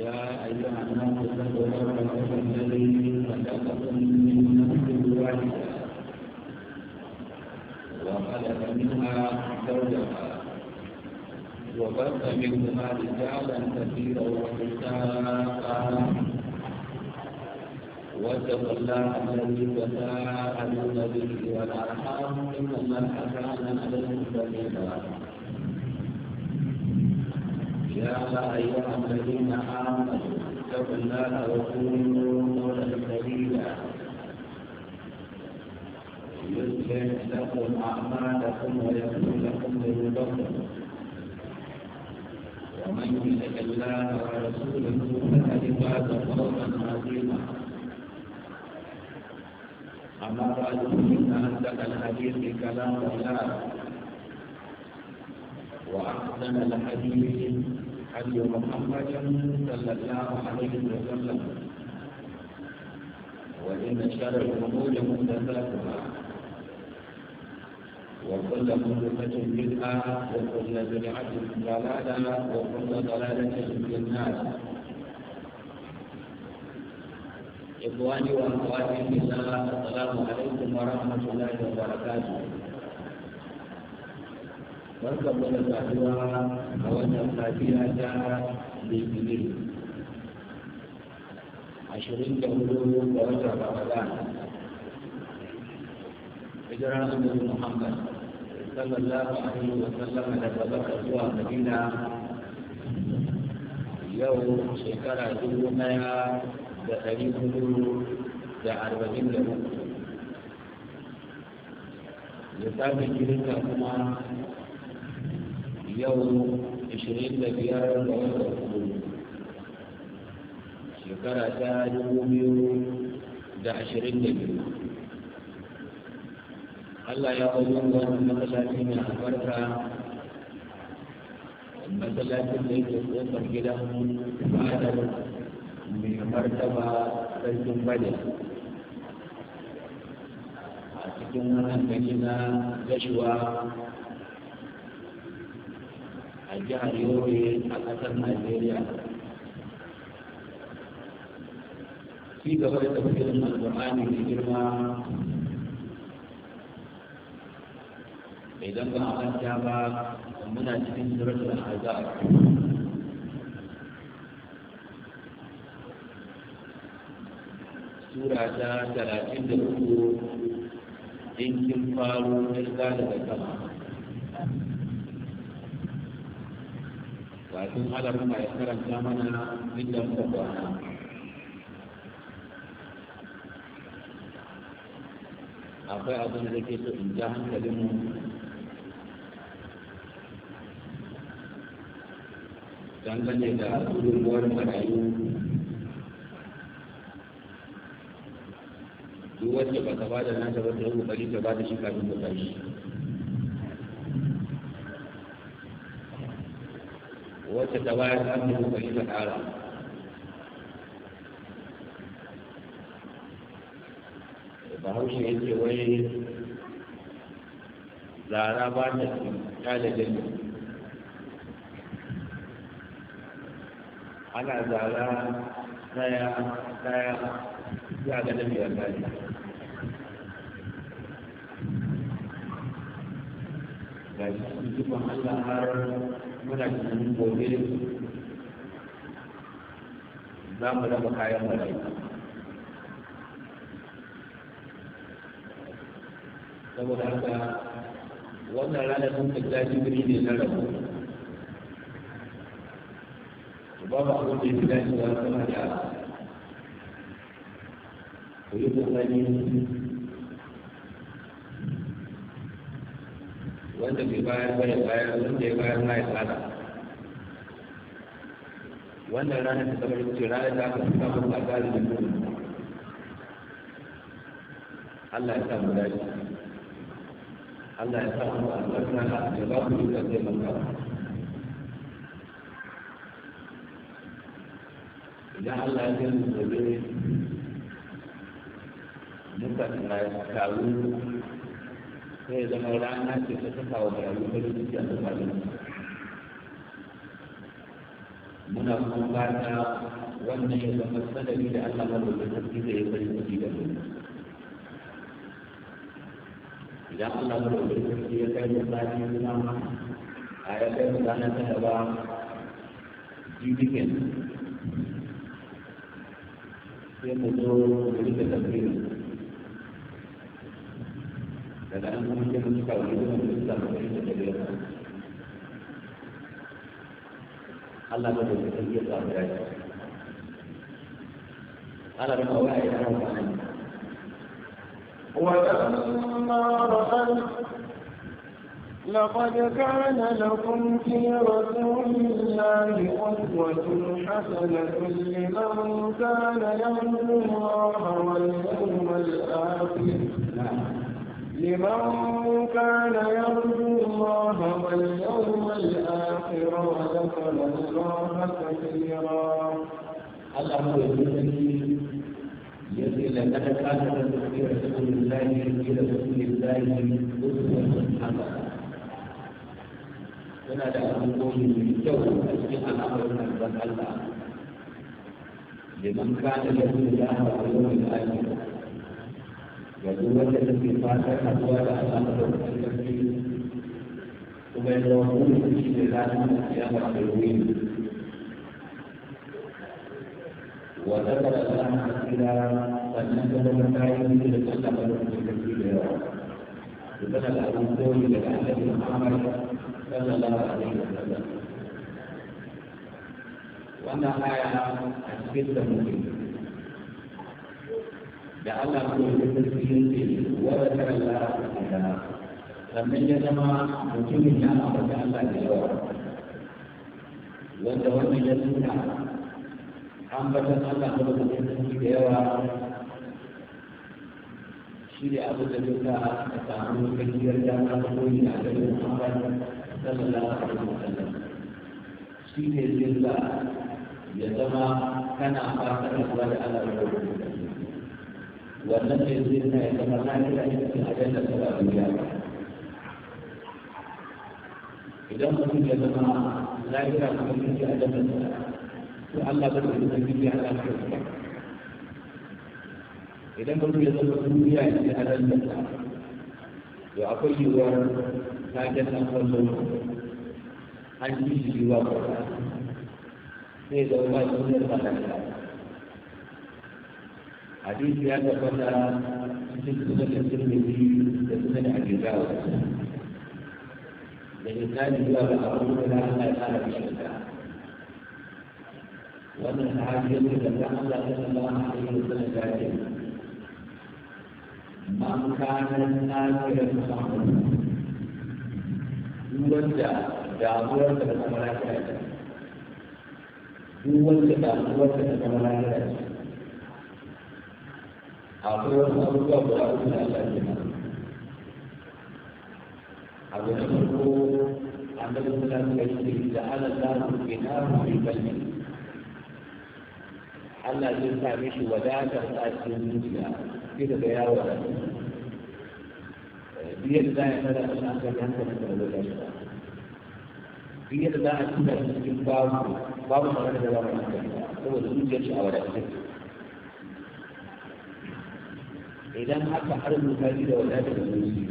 يا أيها الناس اتقوا خلقكم من نفس واحدة وخلق منها زوجها وبث منهما رجالا كثيرا ونساء واتقوا الله الذي تساءلون به والأرحام إن الله كان عليكم يا أيها الذين آمنوا اتقوا الله وكونوا قولا سديدا يصلح لكم أعمالكم ويغفر لكم ذنوبكم ومن يطع الله ورسوله فقد فاز فوزا عظيما أما بعد فإن أصدق الحديث كلام الله وأحسن الحديث حديث محمد صلى الله عليه وسلم وإن شر الأمور محدثاتها وكل محدثة بدعة وكل بدعة ضلالة وكل ضلالة في النار إخواني وأخواتي في الله السلام عليكم ورحمة الله وبركاته barkan mu da saduwa a wannan safiya ta litinin ashirin da hudu ga watan ramadan hijiran annabi muhammad sallallahu alaihi wa sallam daga baka zuwa madina yau shekara dubu daya da ɗari hudu da arba'in da uku lissafin kirista kuma yau 25 ga wata kudu shekara ta 2022 Allah ya kawo wannan matsalaci mai albarka matsalacin da yake tsofar gidan fadar mai martaba sarkin bade a cikin wannan gani na gashuwa a jihar yobe a ƙasar najeriya ci gaba da tafsirin alƙur'ani da girma idan ba a manta ba muna cikin suratul azab sura ta talatin da uku in kin faro ta daga sama kafin alamun ya karanta mana inda muka kwana akwai abin da ke so in ja hankalin mu dangane da gudunmuwar marayu duk wacce ba ta ba da nata ba ta yi kokari ta ba da shi kafin ta tashi تتواعد عنه فإن تعالى بحوش الجوين لا رابان قال جنة أنا زالا سيا سيا يا جنة يا جنة Jadi muna cikin gobe za mu raba kayan malaika saboda haka wannan rana sun ka zafi ne na rabu babu abin da ya fi dacewa sama da ku yi kokari wanda bai bayar ba ya bayar wanda ya bayar ma ya tsada wannan ranar da kamar ce ranar da aka fi samun tsakari da mutum Allah ya samu dace Allah ya samu albarka da ba ku da zai maka idan Allah ya zai mu gobe muka taru sai zama rana ce ta saka wa bayan farin ciki a tsakanin muna kuma fata wannan ya zama sanadi da Allah madaukakin sarki zai yi farin ciki da mu idan Allah madaukakin sarki ya kai mu sati kuma a ya kai mu ranar ta gaba jibigen sai mu zo mu rika لأنه من جهة تقريبا من الإسلام وحيدة الله بعيد ألا بما وعي أنا ولما رأى لقد كان لكم في رسول الله قدوة حسنة لمن كان يرجو الله واليوم الآخر لمن كان يرجو الله واليوم الآخر وذكر الله كثيرا الأمر الذي يجري لقد كان في رسول الله في رسول الله أسوة حسنة yana da alƙawari mai kyau a cikin al'amarin manzon Allah liman kana da Allah wa yanzu في ta ke fatan haɗuwa في Allah madaukakin sarki kuma ya zama kuma shi ne ranar da kiyama da wuri وذكر الله إلى فنزل مكاين لتسلم في كثير وكان محمد صلى الله عليه وسلم وأنا آية أثبت مسلم لأن كل تسجيل وذكر الله تعالى لما جزم مجمع أمر الله الجواب wanda wannan ya nuna ambatan Allah da ba ta sani da yawa shi ne abu da zai sa a samu gajiyar dama ta koyi a garin Muhammad sallallahu alaihi wasallam shi ne zai sa ya zama kana fatan da Allah da wannan ne zai na ya zama na kira ita cikin ajiyar ta ba duniya idan mutum ya zama lahira kuma cikin ajiyar da ta to Allah ba zai zama cikin ajiyar da ta idan mutum ya zama duniya cikin ajiyar ta to akwai yiwuwar ta gasa an ci shi yiwuwa kwallo sai da wani duniyar ba ta Ada juga ada pada sesuatu yang terjadi dan sesuatu yang terjawab. Dan kita juga berharap dengan Allah Taala di sana. Walaupun sahaja dengan Allah Taala yang kita berjaya. Makan dan air dan makan. Dua jawab dan kemarahan. Dua jawab dan kemarahan. akwai wasu abubuwa guda uku da Allah ke nan abu na farko annabi sallallahu alaihi wasallam da Allah ta rufe na rufe kalmi Allah zai sa mishi wadatar a cikin zuciya sai daga yawo da biyar da ya fara da an kan hankali da wajen shi biyar da za a tuka cikin babu babu magana da babu hankali saboda zuciyar shi a wadatar idan aka harin mutane da wadata da musu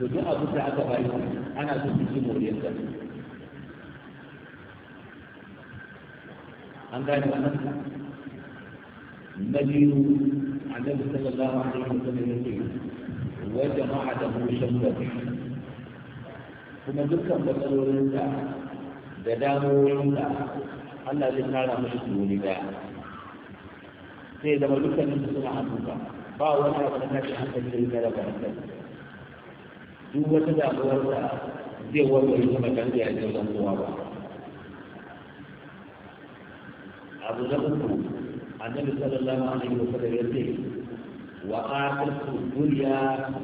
to duk abin da aka bayi ana so su ci moriyarsa an gane wannan na biyu annabi sallallahu alaihi wasallam ya ce wata ma'adahu shamsa kuma dukkan matsalolinsa da damuwoyinsa Allah zai tara mashi wuri daya sai zama dukkanin su suna hannu ba ba wani abu na tashi hankali da ita daga hankali duk wata damuwar da zai warware ta ba tare da ya zama kowa ba abu na uku annabi sallallahu alaihi wa sallam ya ce wa akhiratu dunya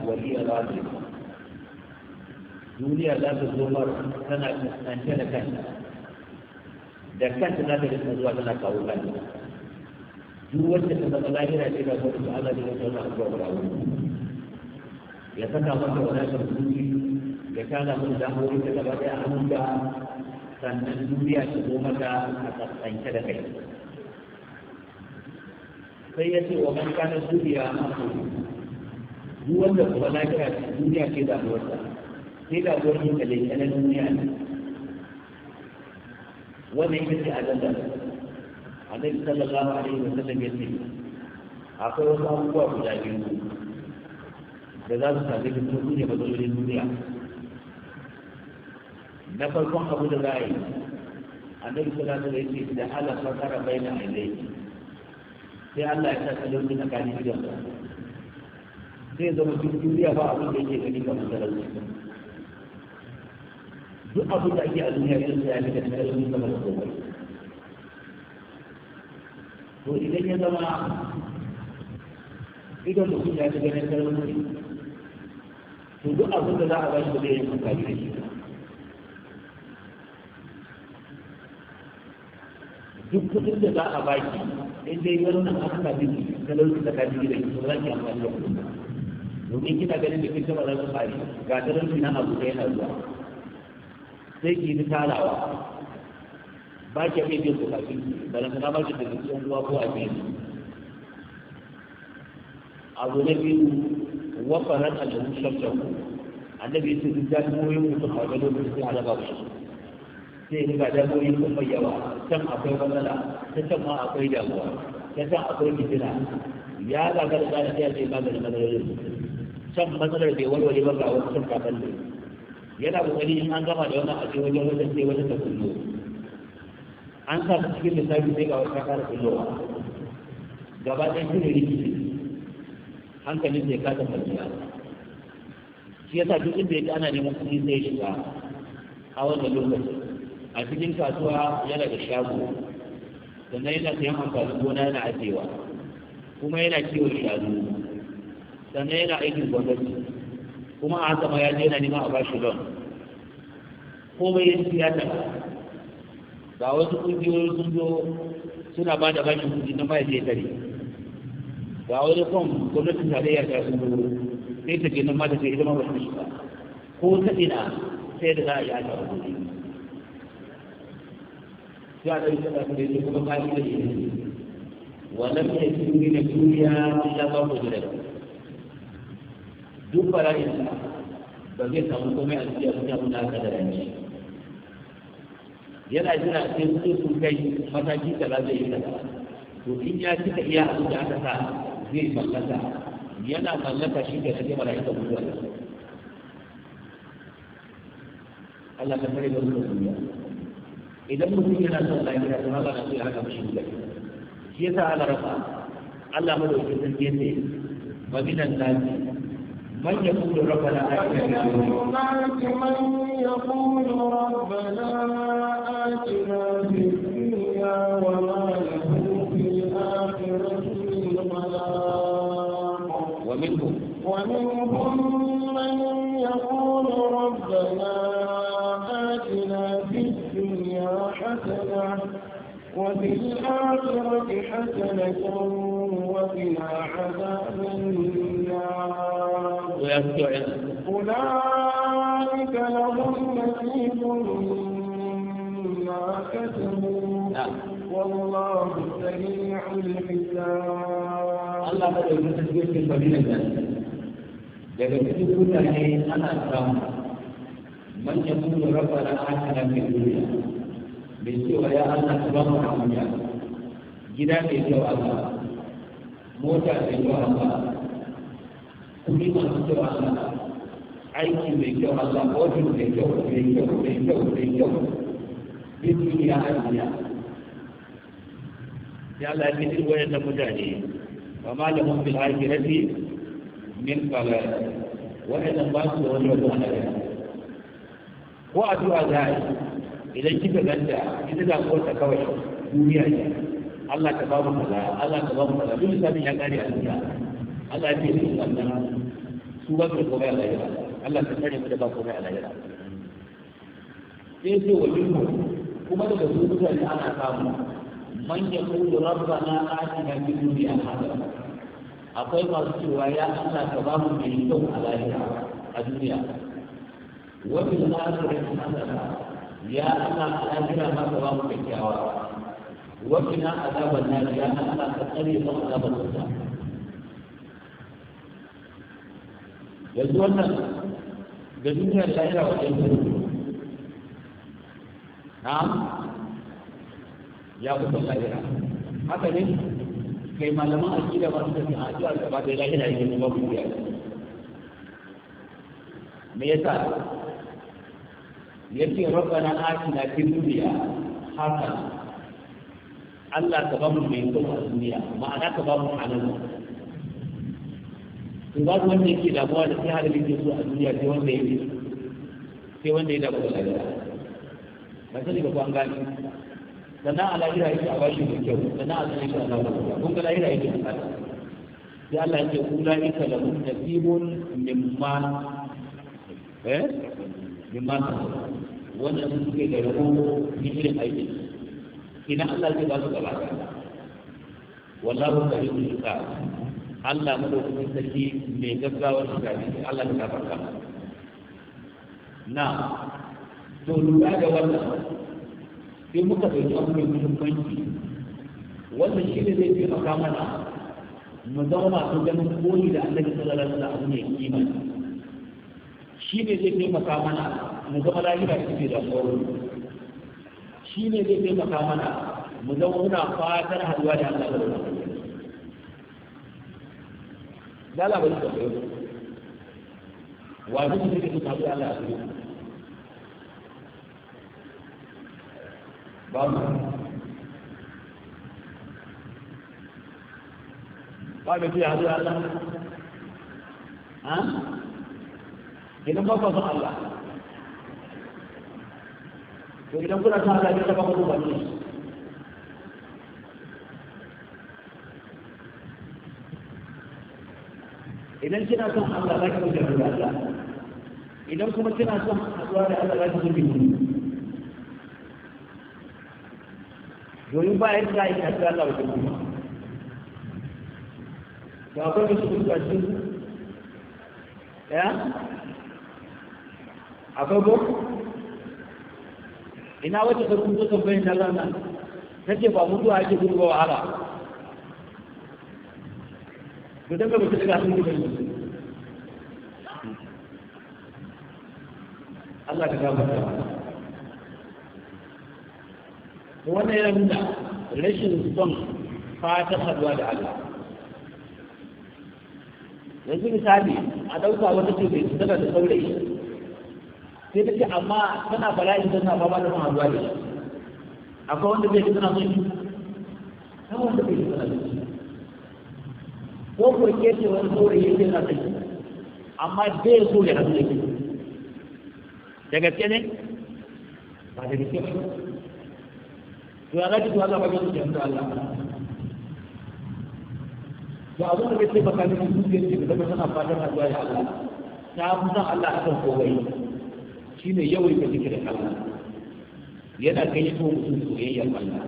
wa hiya radiyah duniya za ta zo mar tana kaskance da kanta da kanta za ta rinka zuwa tana kawo kanta duk wacce ta zama lahira ce ga gwamnati Allah ne wata wannan abuwa guda wuri ya saka mata wadatar kuɗi ya kada mun damuwar ta gaba ɗaya a hannun sannan duniya ta zo mata a tsantsance da kai sai ya ce wa man kana duniya a duk wanda kuma lahira ce duniya ce damuwarsa sai damuwar yin kalin kanan duniya ne wannan ita ce a ajandar annabi sallallahu alaihi wa ya ce akwai wasu abubuwa guda biyu da za su sami da su ne matsalolin duniya na farkon abu da za a yi annabi sallallahu alaihi wa ya ce da ala fasara bai na ainihi sai Allah ya sa talauci na kani gidan Sai zama cikin duniya ba abin da yake gani kamar talauci duk abin da ake a duniya yanzu ya fi da talauci da komai to idan ya zama idan mutum ya ci ganin kalmomi to duk abin da za a bashi da zai yi amfani da shi duk kudin da za a baki in dai wannan an ka bi kalmomi da ka bi da shi ba za ki amfani da kudin domin kina ganin da kin ba za su fari ga talauci na abu da yana zuwa sai ki yi talawa ba ki iya biyan bukatun balanta na ba ki da zuciyan uwa ko a biyu abu na biyu wafaran allahu shafshafu annabi ya ce duk damuwoyin mutum a gado mutum sai halaba su sai ni ga damuwoyin sun mai yawa can akwai matsala ta can ma akwai damuwa ta can akwai fitina ya zaga da tsara sai a ce maganin matsalolin can matsalar bai walwale ba ga wasu sun kafin yana kokari in an gama da wani a ce wajen wajen sai wata da kullo an sa ta cikin lissafi sai ga wata kara kullowa gaba ɗaya shi ne rikici hankali sai kasa kwanciya shi yasa duk inda yake ana neman kuɗi sai shiga a wannan lokaci a cikin kasuwa yana da shago sannan yana sayan amfanin gona yana ajewa kuma yana kiwon shanu sannan yana aikin gwamnati kuma a haka ma ya je yana neman a bashi don komai ya ya siyasa? ga wasu ƙungiyoyi sun zo suna ba da bashin kuɗi na ma'a mai tare ga wani kwan gwamnatin tarayya ta sun zo sai ta ke nan mata sai ita ma wasu shi ba ko ta ina sai da za a yi aka ba kuɗi sai a ɗari kaɗa da yake kuma kashi da shi wannan ne sun gina duniya illa ba ko jira duk fara'in ba zai samu komai a cikin abin da aka da rance yana jira sai su su kai mataki zai yi kaza to in ya cika iya abin da aka sa zai mallaka yana mallaka shi da sai mala'ika mutuwa Allah ta kare da wannan duniya idan mutum yana son lafiya to haka na so haka mishi da shi yasa Allah rafa Allah madaukakin sarki yace wa minan nasi من يقول ربنا آتنا من يقول ربنا آتنا في الدنيا وما له في الآخرة من ومنهم ومنهم من يقول ربنا آتنا في الدنيا حسنة وفي الآخرة حسنة وقنا عذاب النار أولئك لهم نصيب اكتسبوا والله سريع الحساب الله بدا يتسجيل في المدينه daga cikin mutane ana samu man ya kuma raba na akana mai duniya mai cewa ya Allah ka ba mu duniya gida mai kyau Allah mota mai kyau Allah kuɗi masu kyau Allah aiki mai kyau Allah ofis mai kyau mai kyau mai kyau mai kyau ilmi ya hanya ya Allah ya fitar wayar da mutane wa malamun bil akhirati min qalal wa'annan ba su da wani rabu a nan ko addu'a za a yi idan kika ganta ita da kowace kawai duniya ne Allah ka ba mu kaza Allah ka ba mu kaza duk ya kare a duniya Allah ya fitar da wannan su ba su komai a lahira Allah ka tare mu da ba komai a lahira sai sai wa kuma daga su mutane ana samu man ya na rabbana na biyu dunya hada akwai masu cewa ya Allah ka ba mu mai kyau a lahira a duniya wa bil akhirati hasana ya Allah a lahira ma ka ba mu kyakkyawa wa qina azaban na ya Allah ka tsare mu azaban wuta yanzu wannan ga duniya lahira wajen sarki na'am ya kusa lahira haka ne kai malaman aqida ba su da addu'a da ba da lahira da ne ba ya me yasa yace rabbana atina fid dunya haka Allah ka ba mu mai kyau a duniya ma'ana ta ba mu halal to ba wanda yake damuwa da sai halin yake so a duniya sai wanda yake sai wanda ya damu da ban sani ba ko an gani sannan a lahira yake a bashi mai kyau sannan a sanin shi a lahira kun ga lahira yake a kasa sai Allah ya ce kula ita da mun nasibun mimma eh mimma wanda sun suke da rabo ni irin aiki ina Allah zai ba su gaba wallahu karimul hisab Allah mu madaukakin sarki mai gaggawar shi Allah ta farka na to lura da wannan sai muka ɗauki abu mai muhimmanci wannan shi ne zai taimaka mana mu zama masu ganin koyi da annabi sallallahu alaihi wasallam abu mai kima shi ne zai taimaka mana mu zama lahira cikin da sauri shi ne zai taimaka mana mu zama muna fatar haduwa da Allah da Allah da Allah bai da wa duk da yake tafi Allah a cikin babu idan idan kuna san Allah ne ta ba ne idan kina son Allah za ki mutu da idan kuma kina son haɗuwa da Allah za domin ba yadda za a yi a wajen kuma ba akwai wasu kuka ya akwai ina wacce ta kuma ta bayan nan ta ce ba ake gudu wahala to daga ba ta daga sun gudu Allah ka gabata wani yana nuna rashin son fata haduwa da Allah yanzu misali a ɗauka wata ce mai tana da saurayi sai ta ce amma tana bala'in tana ba da mahaduwa da shi akwai wanda zai tana son shi ta wanda zai tana son shi ko ko ke ce wani saurayi zai na son shi amma zai so ya hasu da shi da gaske ne ba da gaske ba to ya gaji to Allah ba zai yanzu Allah to abin da kake baka ne mun ce da zama suna fatan addu'a ya Allah ta mun san Allah akan kowai shine yawai ka zikira Allah yana kai to mutum soyayyar Allah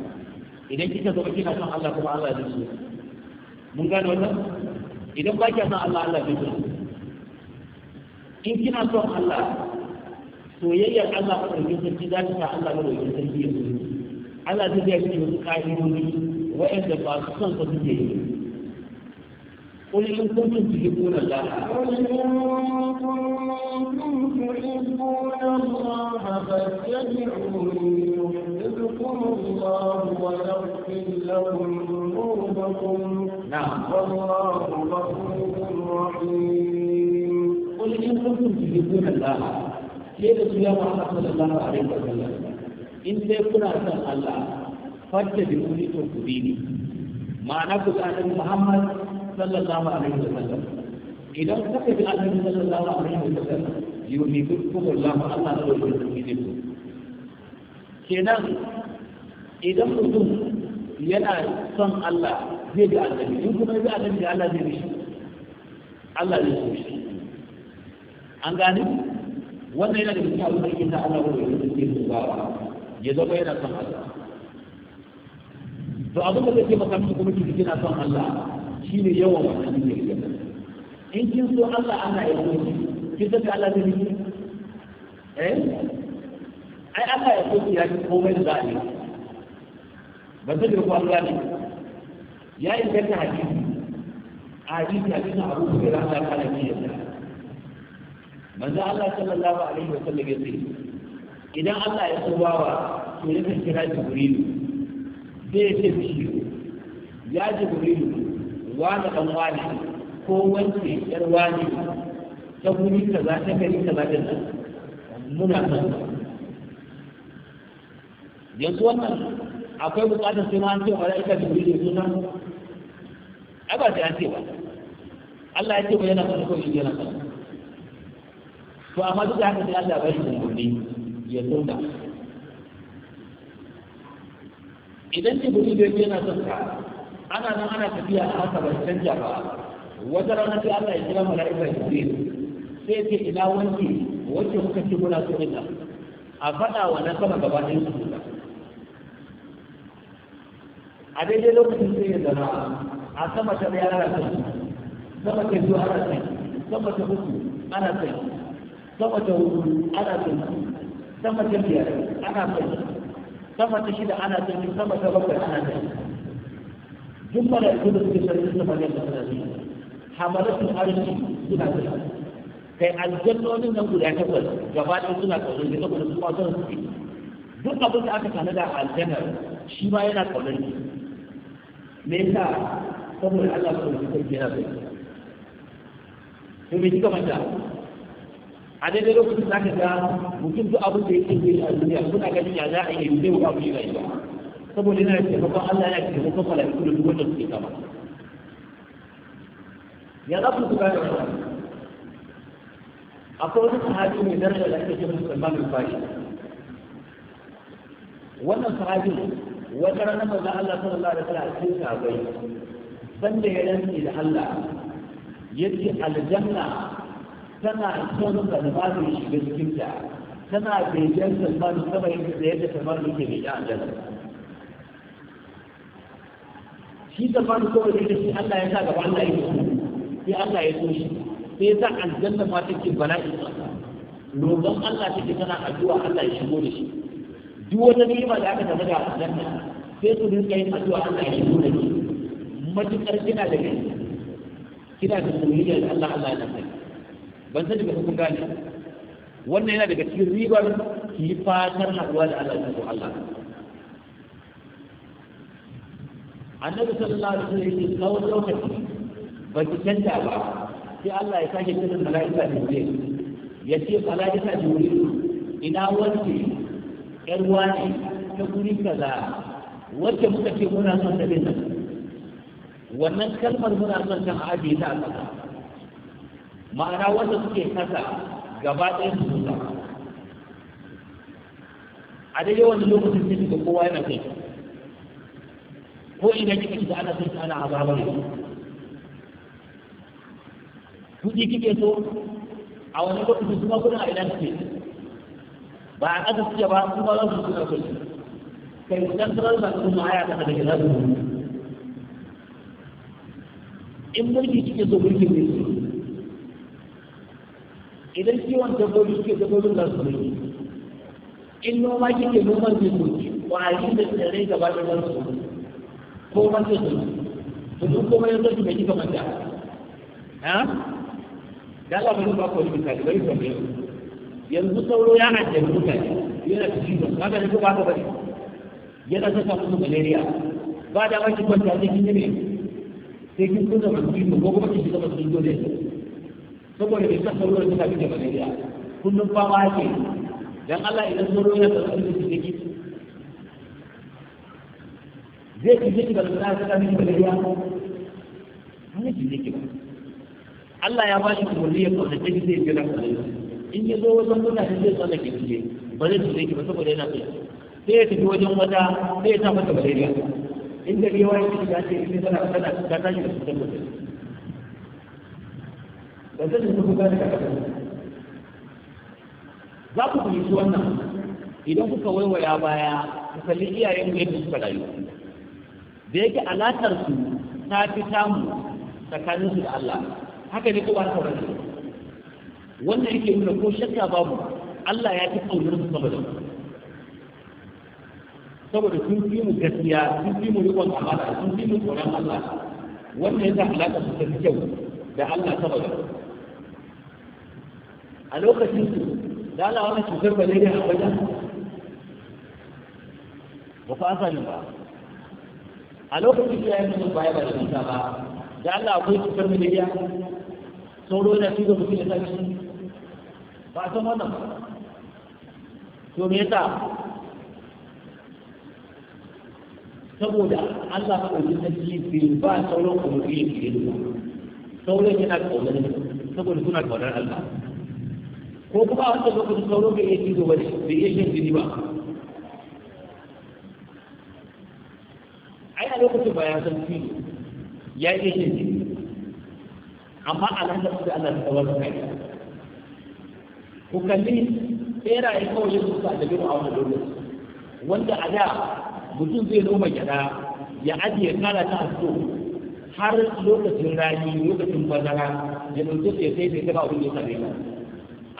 idan kika zo kina son Allah kuma Allah zai so mun gane wannan idan ba kya son Allah Allah zai so in kina son Allah soyayyar Allah ka ɗauki sarki za ta sa Allah ka ɗauki sarki ya على tafiya shi da ƙa'idodi waɗanda ba قل إن كنتم تحبون الله قل إن كنتم تحبون الله فاتبعوني يحببكم الله ويغفر لكم ذنوبكم نعم والله غفور رحيم قل إن كنتم تحبون الله كيف تجاوب الله صلى الله عليه وسلم in sai kuna son Allah fadda bi kuni to ku bi ni ma'ana ku ga annabi Muhammad sallallahu alaihi wa sallam idan kuka bi annabi sallallahu alaihi wa sallam yuhibbukum Allah Allah da ku bi ku kenan idan mutum yana son Allah zai bi annabi in kuma bi annabi da Allah zai bi shi Allah zai so shi an gane wannan yana da cikin abin da yake ta Allah wanda yake cikin bawa ya zama yana son Allah to abin da zai maka miki kuma kiki kina son Allah shine yawan wannan ne in kin so Allah ana yi kin san Allah zai yi eh ai Allah ya so ya ji komai da zai ba zai da kuwa Allah ne ya inganta hadisi ta hadisi Abu Hurairah Allah ya kare shi manzo Allah sallallahu alaihi wasallam ya ce idan Allah ya tuba wa to ya kira Jibrilu zai ce shi ya Jibrilu wani dan wani ko wance yar wani ta guri za ta gari ta da nan muna san yanzu wannan akwai bukatar sai ma an ce mala'ika Jibrilu suna ai ba sai an ce ba Allah ya ce ba yana son kawai yana kan to amma duk da haka sai Allah bai shi ne ya zauna idan jibril ya yana son ka ana nan ana tafiya a haka bai canja ba wata rana sai Allah ya kira mala'ika jibril sai ce ina wanki wacce kuka ci muna so ina a faɗa wa na sama gaba ɗin su a daidai lokacin sai ya zama a sama ta ɗaya ana son sama ta biyu ana son sama ta uku ana son sama ta hudu ana son sama ta biyar ana son sama ta shida ana son sama ta bakwai ana son duk mara yanzu da suke sarki sama ne da sarki hamalatu arshi suna son kai aljannonin nan guda takwas gaba ɗaya suna ƙaunar da saboda su ma son su duk abin da aka tanada a aljannar shi ma yana ƙaunar ne me yasa saboda Allah ya ƙaunar kai yana bai to me kika manta a daidai lokacin za ka ga mutum duk abin da yake zai a duniya kuna ganin ya za a yi zai wa abu yana yi saboda yana taimakon Allah yana taimakon mala'iku da duk wanda suke kama ya za ku su gane akwai wani sahabi mai daraja da ake kira Salman al-Farisi wannan sahabi wata rana manzo Allah sallallahu alaihi wasallam sai sahabai banda ya dace da Allah yace aljanna tana son salma da shiga cikin ta tana ba salma saba yin da yadda salma da ke begen aljanna shi salma da sama da shi Allah ya sa gaba Allah ya so sai Allah ya so shi sai ya sa aljanna ma take bala'i roƙon Allah take tana addu'a Allah ya shigo da shi duk wata ni'ima da aka tafi da aljanna sai su rinka yin addu'a Allah ya shigo da shi Matuƙar kina da kai kina da soyayya da Allah Allah ya tafi ban san daga kun gane wannan yana daga cikin ribar ki yi haɗuwa da Allah ko Allah annabi sallallahu alaihi wasallam yake tsawon lokaci ba ki canja ba sai Allah ya sake kiran mala'ika Jibril ya ce mala'ika wuri. ina wance ƴar wani ta guri kaza wacce muka ce muna son ta bin wannan kalmar muna son ta abi ta a ma'ana wanda suke kasa gaba ɗaya su huta a daidai wani lokacin sai suka kowa yana kai ko idan kika shiga ana son ana azabar kuɗi kike so a wani lokacin kuma kuna a idan suke ba a ƙasa suke ba kuma za su suna kai kai dan sarar da kuma aya ta daga za su in mulki kike so mulki ne idan kiwon dabbobi suke dabbobin da su rage in noma kike noman da su ko a yi da tsirrai gaba da za su ko man zai soke to duk komai yanzu soke mai kika manta ha da Allah bai ba ko ni ka bai ku ne yanzu sauro ya ajiye mutane yana da ciwon kaga ne ko ba ka bari yana saka musu malaria ba da wani kwanta da kinye ne sai kin kusa mutum ko kuma kin kusa mutum dole saboda bai san sauran da kafin da malaria kullum ma yake dan Allah idan sauro yana da wani da zai ci jiki da tsara ta kafin malaria ne ki ba. Allah ya ba shi umarni ya kawo da zai da malaria in ya zo wajen mutane zai ki kuje ba zai ki ba saboda yana tsaye sai ya tafi wajen wata sai ya ta mata malaria in da yawa ya ci da ce sai tana tana ta tana da tana mutum da zai da kuka da kaka za ku fahimci wannan idan kuka waiwaya baya ku kalli iyayen mu yadda suka rayu da yake alaƙar su ta fi tamu tsakanin su da Allah haka ne kowa ta wani wannan yake nuna ko shakka babu Allah ya fi kaunar su saboda saboda sun fi mu gaskiya sun fi mu riƙon amana sun fi mu tsoron Allah wannan yasa alaƙar su ta fi kyau da Allah ta bada a lokacin su da Allah wani cutar zai a wajen ba fa asalin ba a lokacin ya yi mutum baya ba da cuta ba da Allah akwai cutar malaria sauro na cikin mutum da tashi ba a san wannan to me yasa saboda Allah ka ɗauki sarki bai ba sauran kuma ya ke da sauran yana kaunar saboda suna kaunar Allah ko kuma a wata lokacin sauran bai iya cizo bane bai iya shan jini ba ai a lokacin ba ya san fi ya iya shan jini amma a nan da su da Allah ta tsawar kai ku kalli beraye kawai ya suka da biyu a wani lokacin wanda a da mutum zai noma gyada ya ajiye kala ta a so har lokacin rani lokacin bazara ya dauke sai sai sai gaba abin da ya same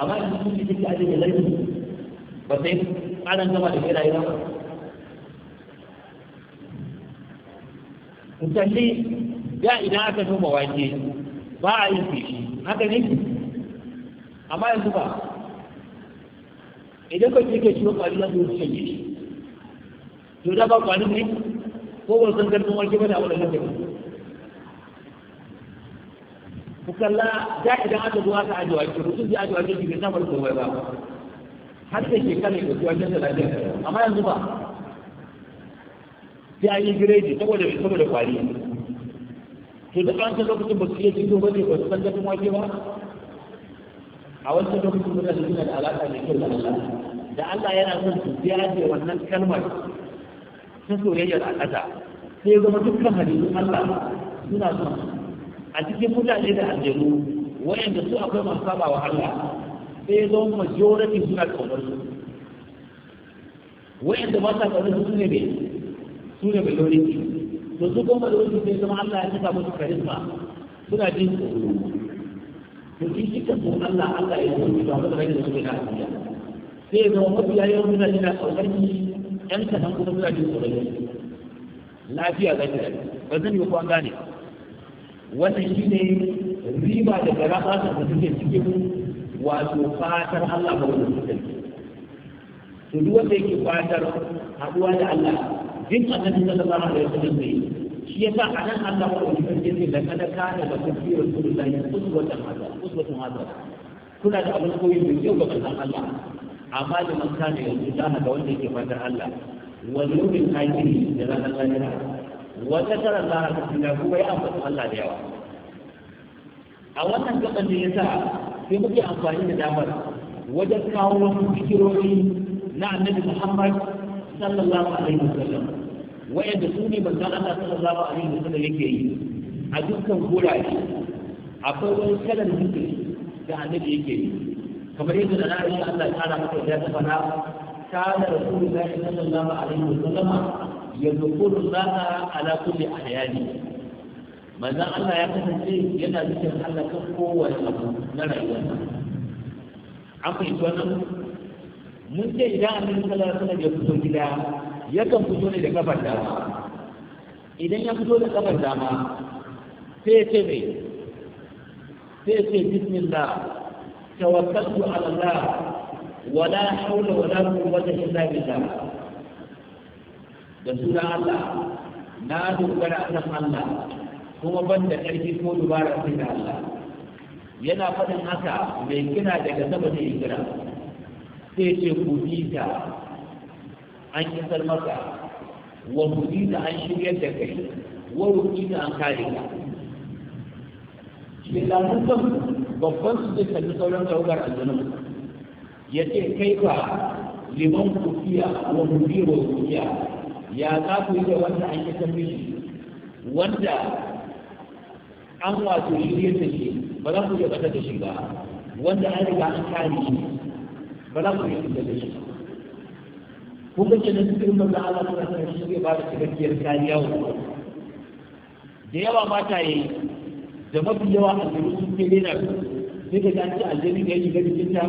amma in kun ji kika aje da laifi ba sai karan gaba da kira yana musalli da idan aka noma wake ba a yin feshi haka ne amma yanzu ba idan ka kike ciwo kwari na zuwa cikin shi to da ba kwari ne ko ba san karfin wake ba da abin da ku kalla da idan aka zo aka ajiye wake mutum zai ajiye wake bai samar da komai ba har da shekara ya ɗauki wajen da lafiya amma yanzu ba sai an yi giredi saboda saboda kwari to da an ta lokacin ba su iya cikin wani ba su san zafin wake ba a wancan lokacin da suna da alaƙa da kyau da Allah da Allah yana son su biya wannan kalmar ta soyayyar a ƙasa sai zama dukkan hadisin Allah suna son a cikin mutane da aljanu wayanda su akwai masu saba wa Allah sai zo majority suna kaunar su wayanda ba sa kaunar su ne ne su ne majority to su kuma majority sai zama Allah ya saka musu karisma suna jin tsoro to shi shi kan Allah Allah ya zo ba ba da su ne na duniya sai zama mafiya yawan mutane na kaunar shi ƴan kaɗan kuma suna jin tsoron lafiya zai ba zan yi kwan gane wannan shi ne riba da garaba da suke cikin wato fatar Allah ba wanda suke to duk wanda yake fatar haɗuwa da Allah jin annabi sallallahu alaihi wasallam ne shi yasa anan Allah ba wani suke ne da kada ka da da kufi rasulullahi uswatan hasana uswatan hasana kuna da abin koyi mai kyau ga manzon Allah amma da man kana yanzu da ga wanda yake fatar Allah wani wa yumin hakimi da ranar lahira wata tara ta a kasance kuma ya ambaci Allah da yawa a wannan gaban da ya sa sai muke amfani da damar wajen kawo wasu fikirori na annabi Muhammad sallallahu alaihi wasallam wayanda su ne manzon Allah sallallahu alaihi wasallam yake yi a dukkan gurare akwai wani kalan zikiri da annabi yake yi kamar yadda da na'ayi Allah ta rama ta faɗa kana rasulullahi sallallahu alaihi wasallam yadkhulu Allah ala kulli ahyani manzon Allah ya kasance yana cikin Allah kan kowace abu na rayuwa an fahimci wannan mun ce idan annabi sallallahu alaihi wasallam ya fito gida yakan fito ne da kafar dama idan ya fito da kafar dama sai ce mai sai ce bismillah tawakkaltu ala Allah wala hawla wala quwwata illa billah da sunan Allah na dogara kan Allah kuma ban da ƙarfi ko dubara a da Allah yana faɗin haka mai kina daga sama da kira sai ce ku ta an yi maka wa ku ta an shiryar da kai wa ku ta an kare ka da mutum babban su zai kalli sauran tawagar aljanin ya ce kai ba liman kufiya wa wa kufiya ya za ku yi da wanda an kisan miji wanda an wato shirye da shi ba za ku iya ƙasa da shi ba wanda an riga an kare shi ba za ku iya ƙasa da shi hukuncin da su yin manzan Allah suna sanar shi zai ba da cikakkiyar kariya wa da yawa mata yi da mafi yawa a cikin sun ke nena sai ka ji aljani da ya shiga jikinta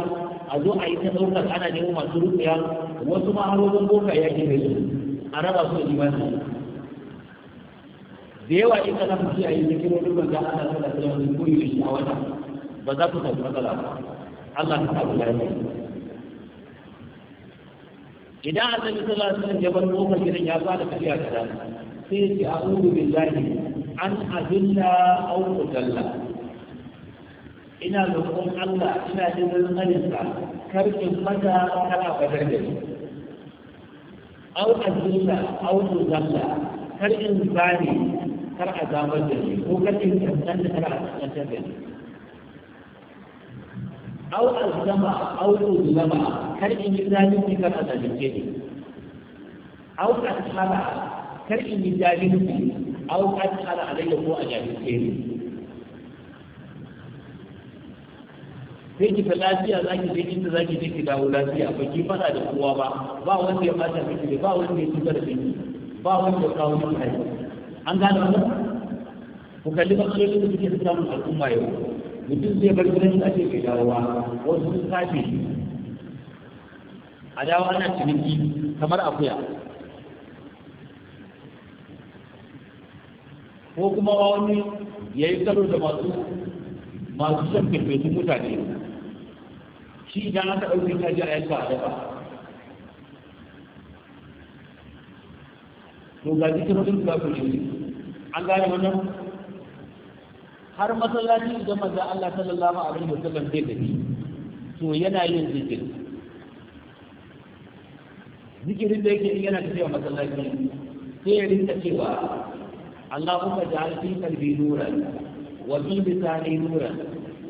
a zo a yi ta ɗaukar ana neman masu rufiya wasu ma har wajen boka ya ke da su a raba su da imani da yawa in kana fi a yi wani manzan Allah sallallahu alaihi wasallam ko yi a wata ba za ku samu matsala ba Allah ta abu lafiya idan annabi sallallahu alaihi wasallam ya bar kofar gidan ya fara tafiya kaza sai ya ce a'udhu billahi an azilla aw udalla ina roƙon Allah ina jin tsarinsa kar in mata kana fadar da ni au azilla au tuzalla kar in zane kar a zamar da ni ko kar in tantance kar a tantance da ni au azama au tuzlama kar in yi ki kar a zalunce ni au ashala kar in yi ki au ashala alayya ko a zalunce ni sai ki lafiya za ki je inda za ki je ki dawo lafiya ba ki fada da kowa ba ba wanda ya fata miki da ba wanda ya cutar da ni ba wanda ya kawo miki haihu an gane wannan ku kalli matsalolin da suke samun al'umma yau mutum zai bar gidan da ake bai dawo ba wasu sun kafe a dawo ana ciniki kamar akuya ko kuma wani ya yi karo da masu masu son mutane shi na taɓa ɗauke ta ji a yanka a dafa to ga zikirin da ku ne an gane wannan har masallaci idan maza Allah sallallahu alaihi wasallam zai gani to yana yin zikir zikirin da yake yana tafiya masallaci sai ya rinka cewa Allah kuka da qalbi nuran wa wasu bisani nura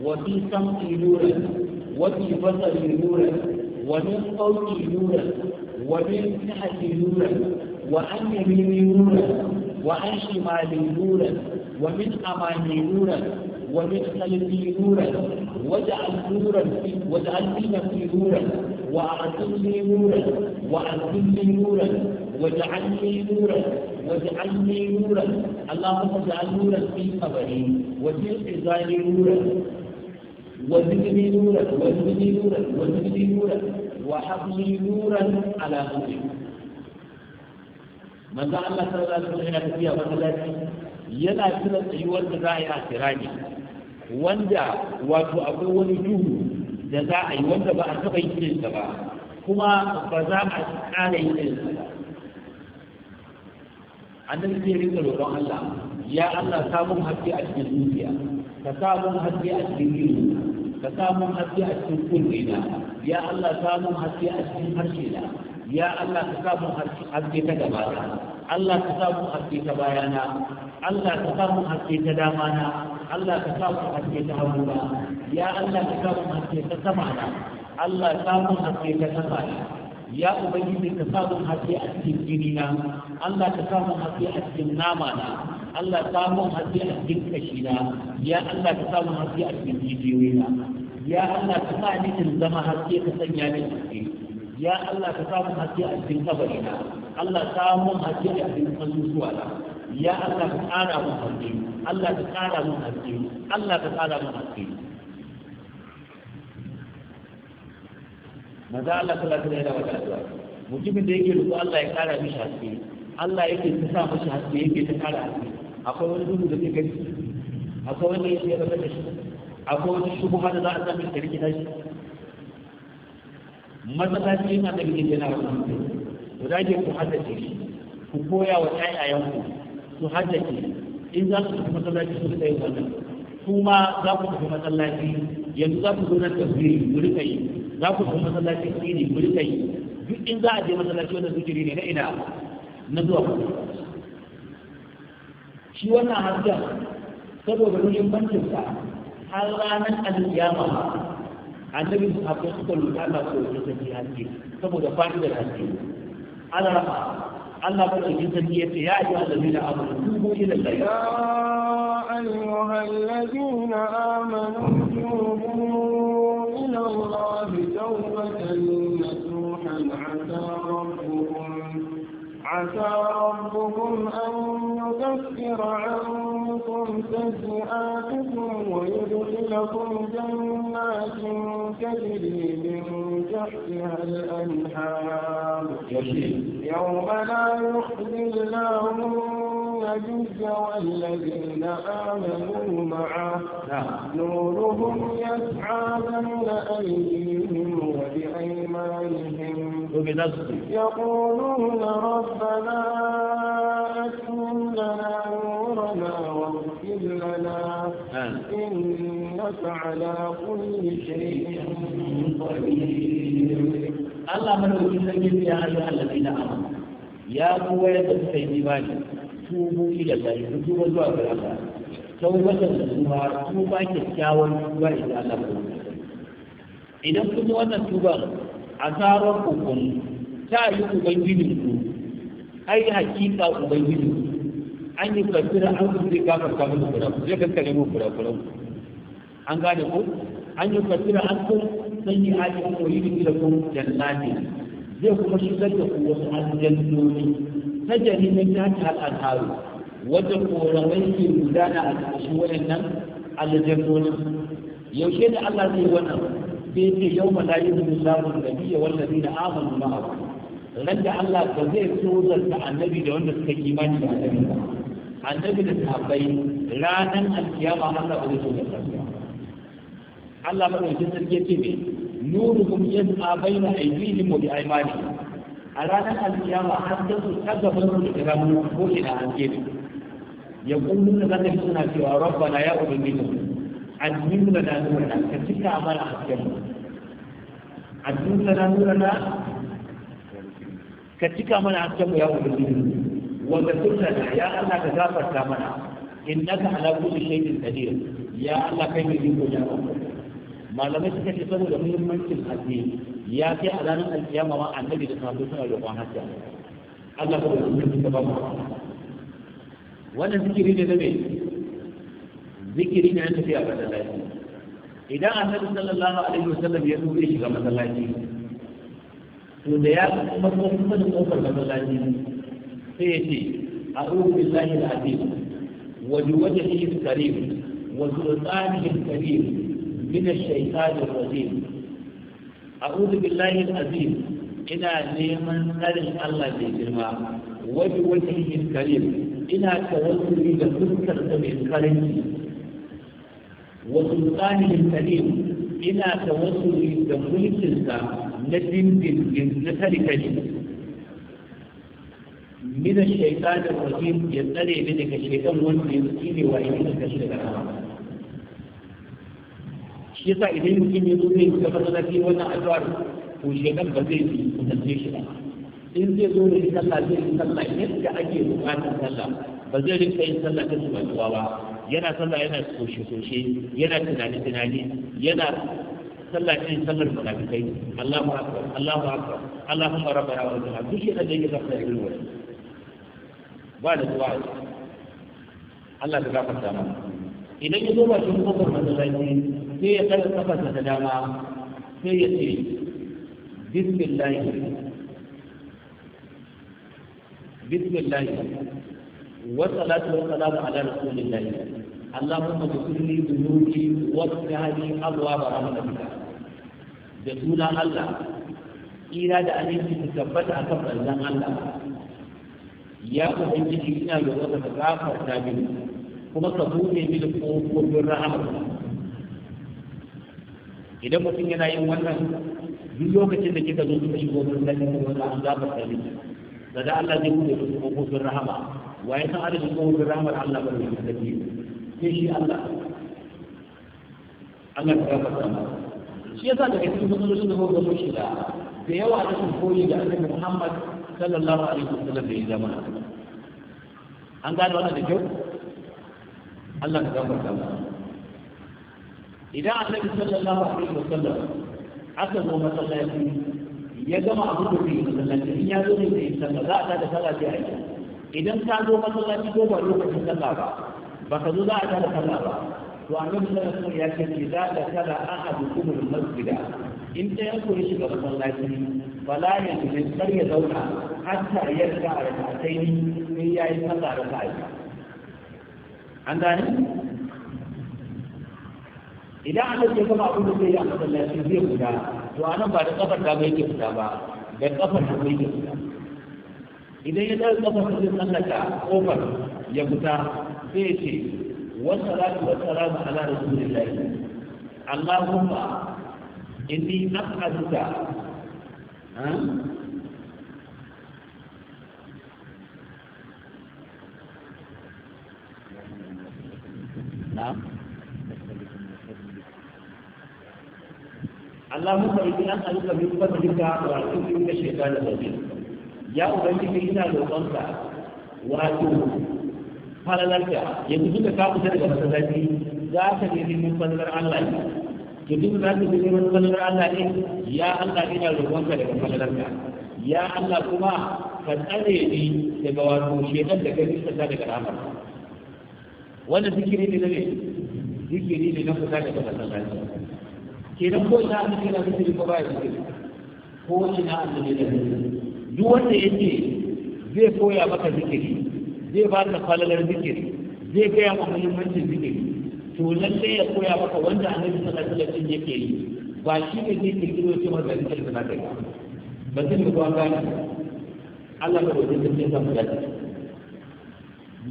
wa fi sam'i وفي بصري نورا ومن صوتي نورا ومن سحتي نورا وعن يمين نورا وعن شمال نورا ومن امان نورا ومن خلفي نورا واجعل نورا واجعل في نفسي نورا واعطني نورا واعطني نورا واجعلني نورا واجعلني نورا اللهم اجعل نورا في قبري وفي عظامي نورا وزدني نورا وزدني نورا وزدني نورا وحبلي نورا على نوري من ذا الله صلى الله عليه وسلم yana tafiya masallaci yana tuna tsayuwar da za a yi a wanda wato akwai wani duhu da za a yi wanda ba a taɓa yi irinsa ba kuma ba za a ƙara yi Allah ya samun haske a cikin zuciya ka samun haske a cikin ilimi ka samun haske a cikin kunne na ya Allah samun haske a cikin harshe na ya Allah ka samun haske ta gaba na Allah ka samun haske ta bayana Allah ka samun haske ta dama na Allah ka samun haske ta hagu ya Allah ka samun haske ta sama na Allah samun haske ta kasa na ya ubangiji ka samu hatsi a cikin jini na Allah ka samu hatsi a cikin nama na Allah samu hatsi a cikin kashi na ya Allah ka samu hatsi a cikin jijiyoyi na ya Allah ka sa ni in zama hatsi ka sanya ni hatsi ya Allah ka samu hatsi a cikin kabari na Allah samu hatsi a cikin kasusuwa na ya Allah ka tsara mun hatsi Allah ka tsara mun hatsi Allah ka tsara mun hatsi manzo Allah sallallahu alaihi wasallam yana addu'a mutumin da yake roƙo Allah ya kara mishi haske Allah yake ta sa mishi haske yake ta kara haske akwai wani duhu da zai gani akwai wani yake ya da shi akwai wani shubha da za a sami ta rikita shi masallaci yana da rikita yana wannan to da ke ku haddace shi ku koya wa ƴaƴayenku su haddace in za ku tafi masallaci su rika yin wannan kuma za ku tafi masallaci yanzu za ku zo na tafsiri mu rika yi za ku san masallacin tsiri ku rika duk in za a je masallaci wanda zikiri ne na ina na zuwa shi wannan hajjar saboda muhimmancin sa har ranar alkiyama annabi su hafi suka lura na so ya saki haske saboda fa'idar hajji ana rafa Allah ba cikin sarki ya ce ya ayyuha da abu, tubu ila Allah ya ayyuha na amanu tubu الله توبة نسوحا عسى ربكم عسى ربكم أن يكفر عنكم سيئاتكم ويدخلكم جنات تجري من تحتها الأنهار يوم لا يخزي الله ويأجوج والذين آمنوا معه نعم. نورهم يسعى بين أيديهم وبأيمانهم يقولون ربنا أكرم لنا نورنا واغفر لنا نعم. إنك على كل شيء قدير الله من يسجد يا أيها الذين آمنوا يا قوة تسجد tubu ila Allah ku tuba zuwa ga Allah tawbatan tuba tuba kyakkyawan tuba ila Allah idan kun wannan tuba azaran ku kun ta yi ku ban ubangijin ku ai hakika ku ubangijin ku an yi kafira an ku zai ka mun kura ku zai kankare muku kura kura an gane ku an yi kafira an ku san yi hajji ku yi da ku jannatin zai kuma shigar da ku wasu hajjin duniya ta jarimin ta al'adu wadda koramai ke gudana a ƙarshen waɗannan aljannonin yaushe da Allah zai wannan bai ce yau ma layi da misalin da biya wallazi da amanu ma'a ran da Allah ba zai tozarta annabi da wanda suka kimani da annabi ba annabi da sahabbai ranan alkiyama Allah ba zai tozarta Allah madaukakin sarki ya ce ne nuruhum yas'a baina aydihim wa bi aymanihim a ranar alkiyama har da su tsagaban su daga ranar ko ina an gefe ya kullum da zan yi suna cewa rabbana ya ubangiji azmin da na nuna ka cika mana hasken a azmin da na nuna na ka cika mana a mu ya ubangiji wanda sunna ya Allah ka gafarta mana innaka ala kulli shay'in qadir ya Allah kai ne yi ya ubangiji malamai suka ce saboda muhimmancin hajji ya kai a ranar alkiyama ma annabi da sahabbai suna roƙon hajji Allah ka rubuta shi gaba mu wannan zikiri ne na me zikiri ne na tafiya ga masallaci idan annabi sallallahu alaihi wasallam ya zo zai shiga masallaci to da ya kuma kuma da kofar masallaci sai ya ce a'udhu billahi al-azim wa bi wajhihi al-karim wa sultanihi al-karim من الشيطان الرجيم أعوذ بالله العظيم إنا نيمن أرن الله بجرما وبوجهه الكريم إنا تولي بذكر الكريم وسلطانه الكريم إنا توصلي بملك ندم بالجن نتركه من الشيطان الرجيم يبتلي منك الشيطان وانت يبتلي وإنك الشيطان shi yasa idan mutum ya zo zai ga masallaci wannan addu'ar to shedan ba zai yi kusance shi ba in zai zo da sallah zai yi sallah yadda ake bukatar sallah ba zai rinka yin sallah ta su bantuwa ba yana sallah yana soshe soshe yana tunani tunani yana sallah ne sallar munafikai Allahu akbar Allahu akbar Allahu rabbana wa lakal hamd duk shedan da yake zaka yi wannan ba da du'a Allah ta gafarta mana idan ya zo ba shi kofar masallaci sai ya ɗaga kafarsa da dama sai ya ce bismillahi bismillahi wasalatu wasalamu ala rasulillahi allahumma kulli dhunubi wasjahli abwaab rahmatika da sunan Allah ira da aminci su tabbata a kan manzon Allah ya ubangiji ina da wata gafarta mini kuma ka buɗe mini kofofin rahama idan mutum yana yin wannan duk lokacin da kika zo kika shigo masallaci ko wanda an zaba sani da da Allah zai bude su ko sun rahama waye san adadin ko sun rahama Allah ba ne da ke sai shi Allah Allah ya gafarta masa shi yasa da daga cikin matsalolin da ko ga shi da da yawa da sun koyi da Annabi Muhammad sallallahu alaihi wasallam da ya an gane wannan da kyau Allah ya gafarta masa idan annabi sallallahu alaihi wasallam aka zo masallaci ya gama abu da bai masallaci in ya zo ne zai sallah za a ta da sallah sai aiki idan ka zo masallaci ko ba lokacin sallah ba ba ka zo za a ta da sallah ba to annabi sallallahu alaihi wasallam ya ce ki za ta sala ahadukum al-masjida in ta yanko ya shiga masallaci ba fala ya ne kar ya zauna har hatta yarda a raka'ataini sai yayi sallah raka'a an gane idan Allah ya gama abin da zai yi a masallaci zai fita to a nan ba da kafar da yake fita ba da kafar da yake fita idan ya dawo kafar da zai tsallaka kofar ya fita sai ce wasu salatu wasu salamu ala rasulillahi Allahumma inni as'aluka Nah. Allahumma inni as'aluka min fadlika wa a'udhu bika shaytanir rajim ya ubangiji ina roƙonka wato falalarka yanzu duka ka fita daga masallaci za ka nemi min falalar Allah ne yanzu za ka nemi min falalar Allah ne ya Allah ina roƙonka daga falalarka ya Allah kuma ka tsare ni daga wato shaytan da kai fita daga rahmar wannan zikiri ne ne zikiri ne na fita daga masallaci kenan ko ina annabi yana zikiri ko ya zikiri ko ina annabi da zikiri duk wanda yake zai koya maka zikiri zai ba ka falalar zikiri zai gaya ma muhimmancin zikiri to lalle ya koya maka wanda annabi sallallahu alaihi wasallam yake yi ba shi ne zai kirkiro ce maka zikiri da naka ba zai ga ba gani Allah ka wajen da zai samu dace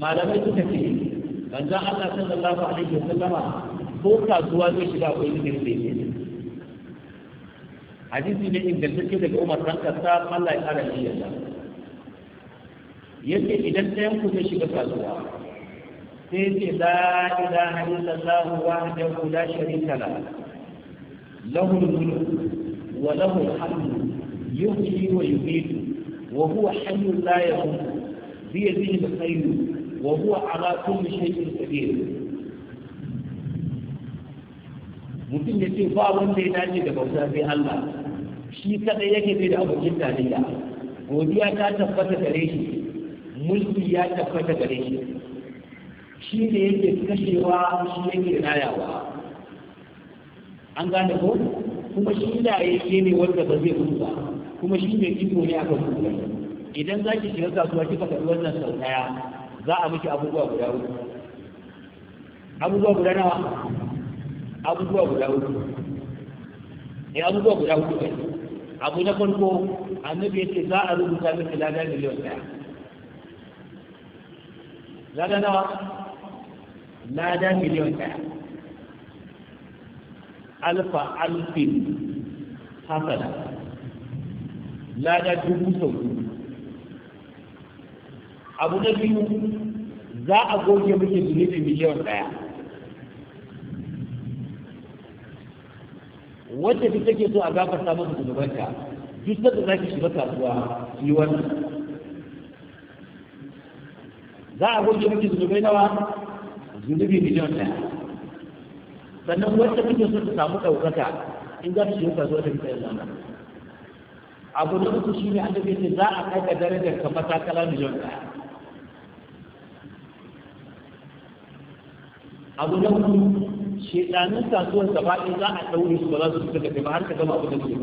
malamai suka ce manzon Allah sallallahu alaihi wasallama ko kasuwa zai shiga akwai zikirin da yake hadisi ne ingantacce daga Umar dan Khattab Allah ya kara shi yadda yace idan ɗayan ku zai shiga kasuwa sai ce la ilaha illallah wahdahu la sharika la lahu al-mulk wa lahu al-hamd yuhyi wa yumiitu wa huwa hayyun la yamut bi yadihi al-khayr wa huwa ala kulli shay'in qadir mutum da ce ba wanda ya dace da bauta sai Allah shi kadai yake bai da abokin tarayya godiya ta tabbata gare shi mulki ya tabbata gare shi shi ne yake kashewa shi yake rayawa an gane ko kuma shi da yake ne wanda ba zai mutu ba kuma shi ne iko ne aka kuma idan za ki shiga kasuwa ki faɗa wannan sau ɗaya za a miki abubuwa guda uku abubuwa guda nawa abubuwa guda uku ya eh, abubuwa guda uku ne abu na farko annabi yace za a rubuta miki lada miliyan ɗaya lada nawa lada miliyan ɗaya alfa alfin hasana lada dubu sau abu na biyu za a goge miki zunubi miliyan ya? wacce duk take so a gafarta masa zubanta duk da za ki shiga kasuwa yi wani. za a goge miki zunubai nawa zunubi miliyan ɗaya sannan wacce kike so ta samu ɗaukaka in za ta shiga kasuwa ta fita yanzu abu na uku shine an tafi ce za a kai ka darajar ka matakala miliyan ɗaya abu na uku shedanun kasuwar gaba ɗaya za a ɗaure su ba za su fita daga ba har ka gama abin da ke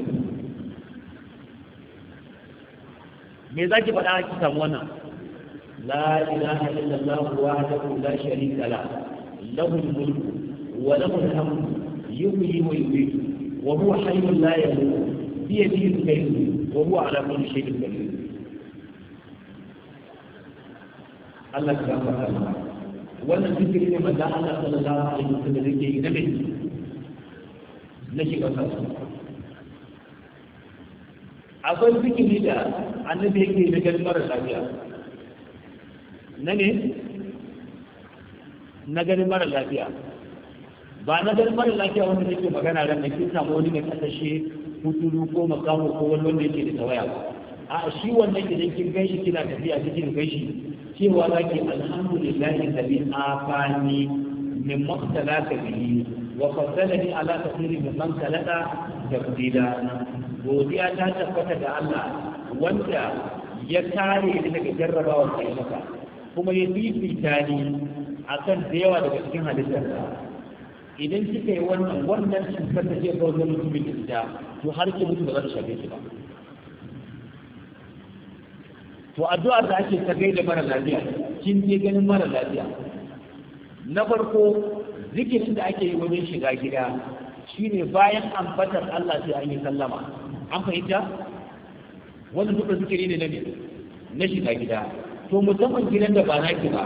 me za ki faɗa ki samu wannan la ilaha illallah wahdahu la sharika la lahu mulku wa lahu al-hamdu yuhyi wa yumiitu wa huwa hayyun la yamut bi yadihi al-khayr wa huwa ala kulli shay'in qadir Allah ka gafarta wannan zikiri ne manzo Allah sallallahu alaihi wasallam yake yi na me na shiga kasuwa akwai zikiri da annabi yake da gaskar lafiya na ne na ganin mara lafiya ba na ganin mara lafiya wanda yake magana ran da kin samu wani mai kasashe kuturu ko makamu ko wani wanda yake da tawaya ba a shi wannan idan kin gan kina tafiya cikin gan cewa zaki alhamdulillahi alladhi afani min maqtalaka bihi wa fasalani ala tafsiri min man kalaka tabdila godiya ta tabbata da Allah wanda ya kare ni daga jarrabawar da maka kuma ya fifita ni akan da yawa daga cikin halittar idan kika yi wannan wannan cutar da ke kawo mutumin da to har ki mutu ba za ta shafe ki ba to addu'a da ake ta gaida mara lafiya kin je ganin mara lafiya na farko zikirin da ake yi wajen shiga gida shine bayan ambatar Allah sai an yi sallama an fahimta wannan duka zikiri ne na na shiga gida to musamman gidan da ba naki ba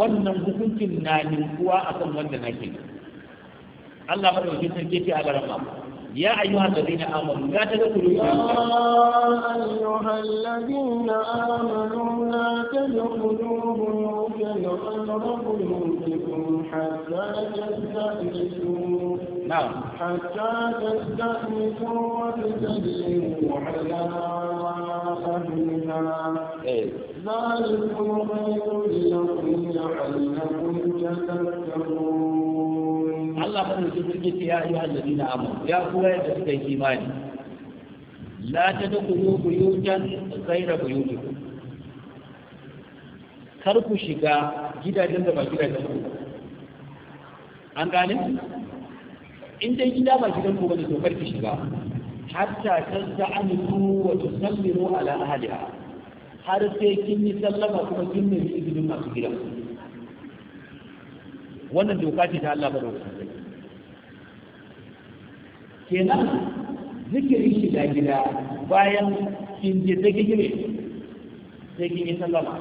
wannan hukuncin na ninkuwa akan wanda naki Allah madaukakin sarki ya ce a garin يا أيها الذين آمنوا لا تدخلوا يا أيها الذين آمنوا لا تدخلوا بيوتا غير بيوتكم حتى تستأنسوا نعم حتى تستأنسوا وتسلموا على أهلها إيه. ذلكم خير لكم لعلكم تذكرون Allah madaukakin sarki ce ya ayyuhal na amma ya kuma yadda suka yi kimani la tadkhulu buyutan ghayra buyutikum kar ku shiga gidajen da ba gidajen ku an gane in dai gida ba gidan ku bane to kar ki shiga hatta tazda'anu wa tusallimu ala ahliha har sai kin yi sallama kuma kin nemi izinin masu gidan wannan doka ce ta Allah ba da kenan zikirin shiga gida bayan kin je ta gigire sai kin yi sallama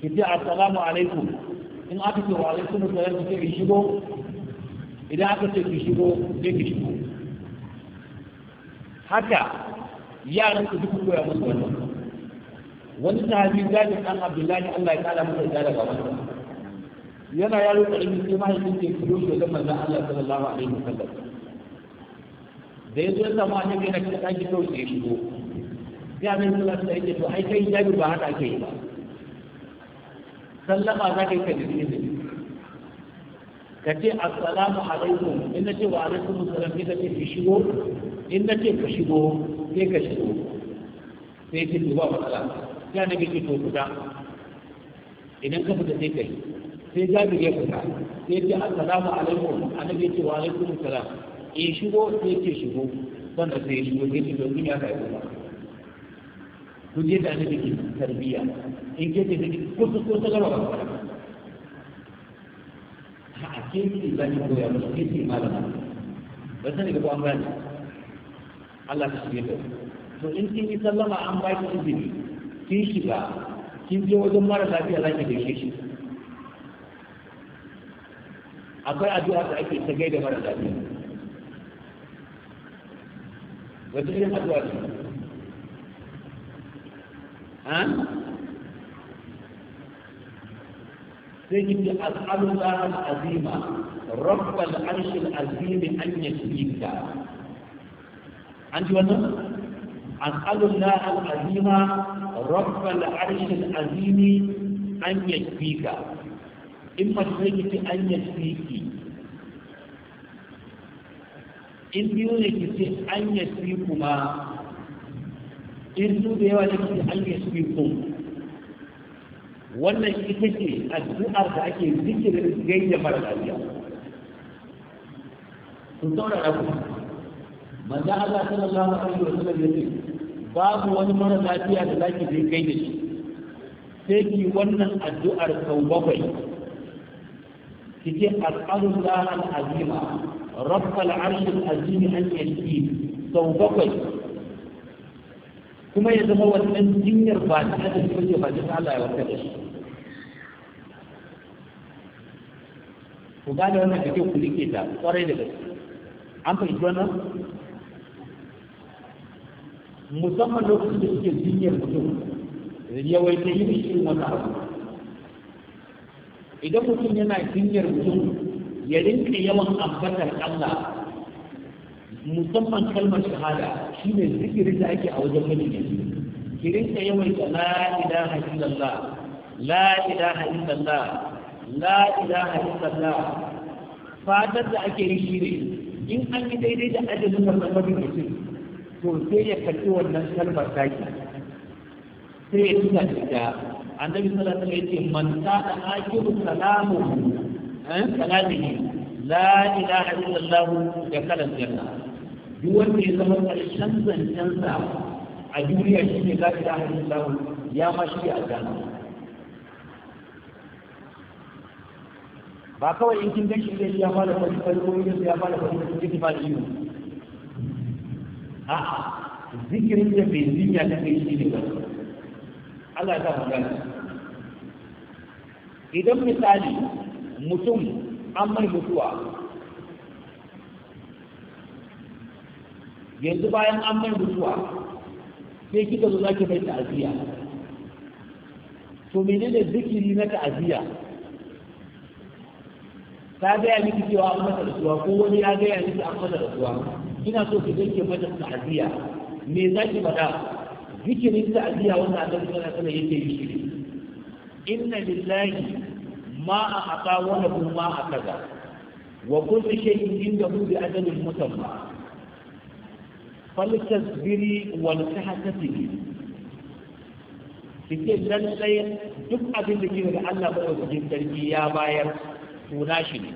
ki ce assalamu alaikum in aka ce wa alaikum assalam ki ce ki shigo idan aka ce ki shigo sai ki shigo haka yaran su duk koya musu wannan wani sahabi zalin an abdullahi Allah ya kara masa da daga wannan yana yaro karimi sai mahaifin ke kiro da manzon Allah sallallahu alaihi wasallam zai zo zama ne annabi yana cikin ɗaki kawai sai ya shigo sai annabi sallallahu alaihi wasallam to ai kai da ba haka ake yi ba sallama za kai yi ka jirgin ka ce assalamu alaikum in na ce wa alaikum assalam ne ka ki shigo in ce ka shigo ke ka shigo sai ki duba wala sai ne bi ki to kuda idan ka fita sai kai sai jabir ya fita sai ki assalamu alaikum annabi ya ce wa alaikum assalam in shigo sai ce shigo wanda sai shigo sai shigo in ya kai kuma ku je da annabi tarbiyya in ke ce take kusa ko ta gaba ba a ke ni da ni koya musu ke ce malama ba sani ga ko an Allah ta shirye to in kin yi sallama an ba ki izini kin shiga kin je wajen mara lafiya za da gaishe shi akwai addu'a da ake ta gaida mara lafiya wata irin addu'a ne ha sai ki ce as'alullah al-azima rabb al-arsh an ji wannan as'alullah al-azima rabb al-arsh al-azim an in mace ki an in biyu ne ki ce an yi fi kuma in su da yawa ne ki ce an ya fi kuma wannan ita ce addu'ar da ake zikirin gayya mara lafiya sun saurara ku manzo Allah sallallahu alaihi wa sallam yace babu wani mara lafiya da zaki je kai da shi sai ki wannan addu'ar sau bakwai ki ce as'alullahi al-azima رب العرش العظيم أن يشفي سو بقي كما يزمو أن جنر بعد هذا الشيء بعد الله يوكله وقال لنا كتير في الكتاب وراي لك عم تجونا مسمى لوكس في الجنر بدون يويتيني شيء مطعم إذا كنت هناك جنر بدون ya rinka yawan ambatar Allah musamman kalmar shahada shi ne zikiri da ake a wajen mulki ki rinka yawaita la ilaha illallah la ilaha illallah la ilaha illallah fatar da ake yi shi ne in an yi daidai da ajalin wannan majalisi to sai ya karɓi wannan kalmar taki sai ya tuna da annabi sallallahu alaihi wasallam ya ce man sada akiru salamu kalamihi eh, la ilaha illallah da kalan janna duk wanda ya zama karshen zancensa a duniya shi ne la ilaha illallah ya mashi a janna ba kawai in kin gashi zai ya fara fashi fashi ko yin ya fara fashi fashi kiki fara yi a'a zikirin da bai zinya ta kai shi ne ba Allah ya ta magana idan misali mutum an mai mutuwa yanzu bayan an mai mutuwa sai kika zo zaki mai ta'aziyya to menene zikiri na ta'aziyya ta gaya miki cewa an masa rasuwa ko wani ya gaya miki an masa rasuwa ina so ki zai ke mata ta'aziyya me za ki faɗa zikirin ta'aziyya wanda annabi sallallahu alaihi wasallam yake yi inna lillahi ma a haka wani kuma a kaza wa kulli shay'in indahu bi ajalin musamma faltasbiri wal tahtasbi kike lallai duk abin da kike da Allah ba ya sarki ya bayar to shi ne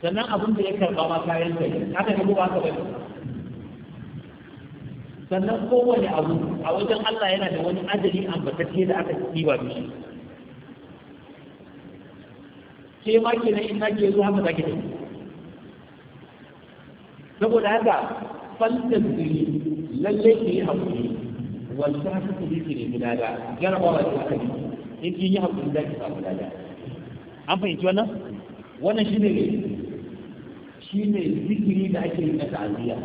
sannan abin da ya karba ma kayan sai haka ne ba ka bari sannan kowane abu a wajen Allah yana da wani ajali ambatacce da aka kiwa mishi ke ma ke na ina ke zuwa haka zaki tafi saboda haka falta zuri lalle ke yi hakuri wanda haka ku ji ne guda da jarabawa da haka ne in ki yi hakuri za ki samu da. an fahimci wannan wannan shi ne zikiri da ake yi na ta'aziyya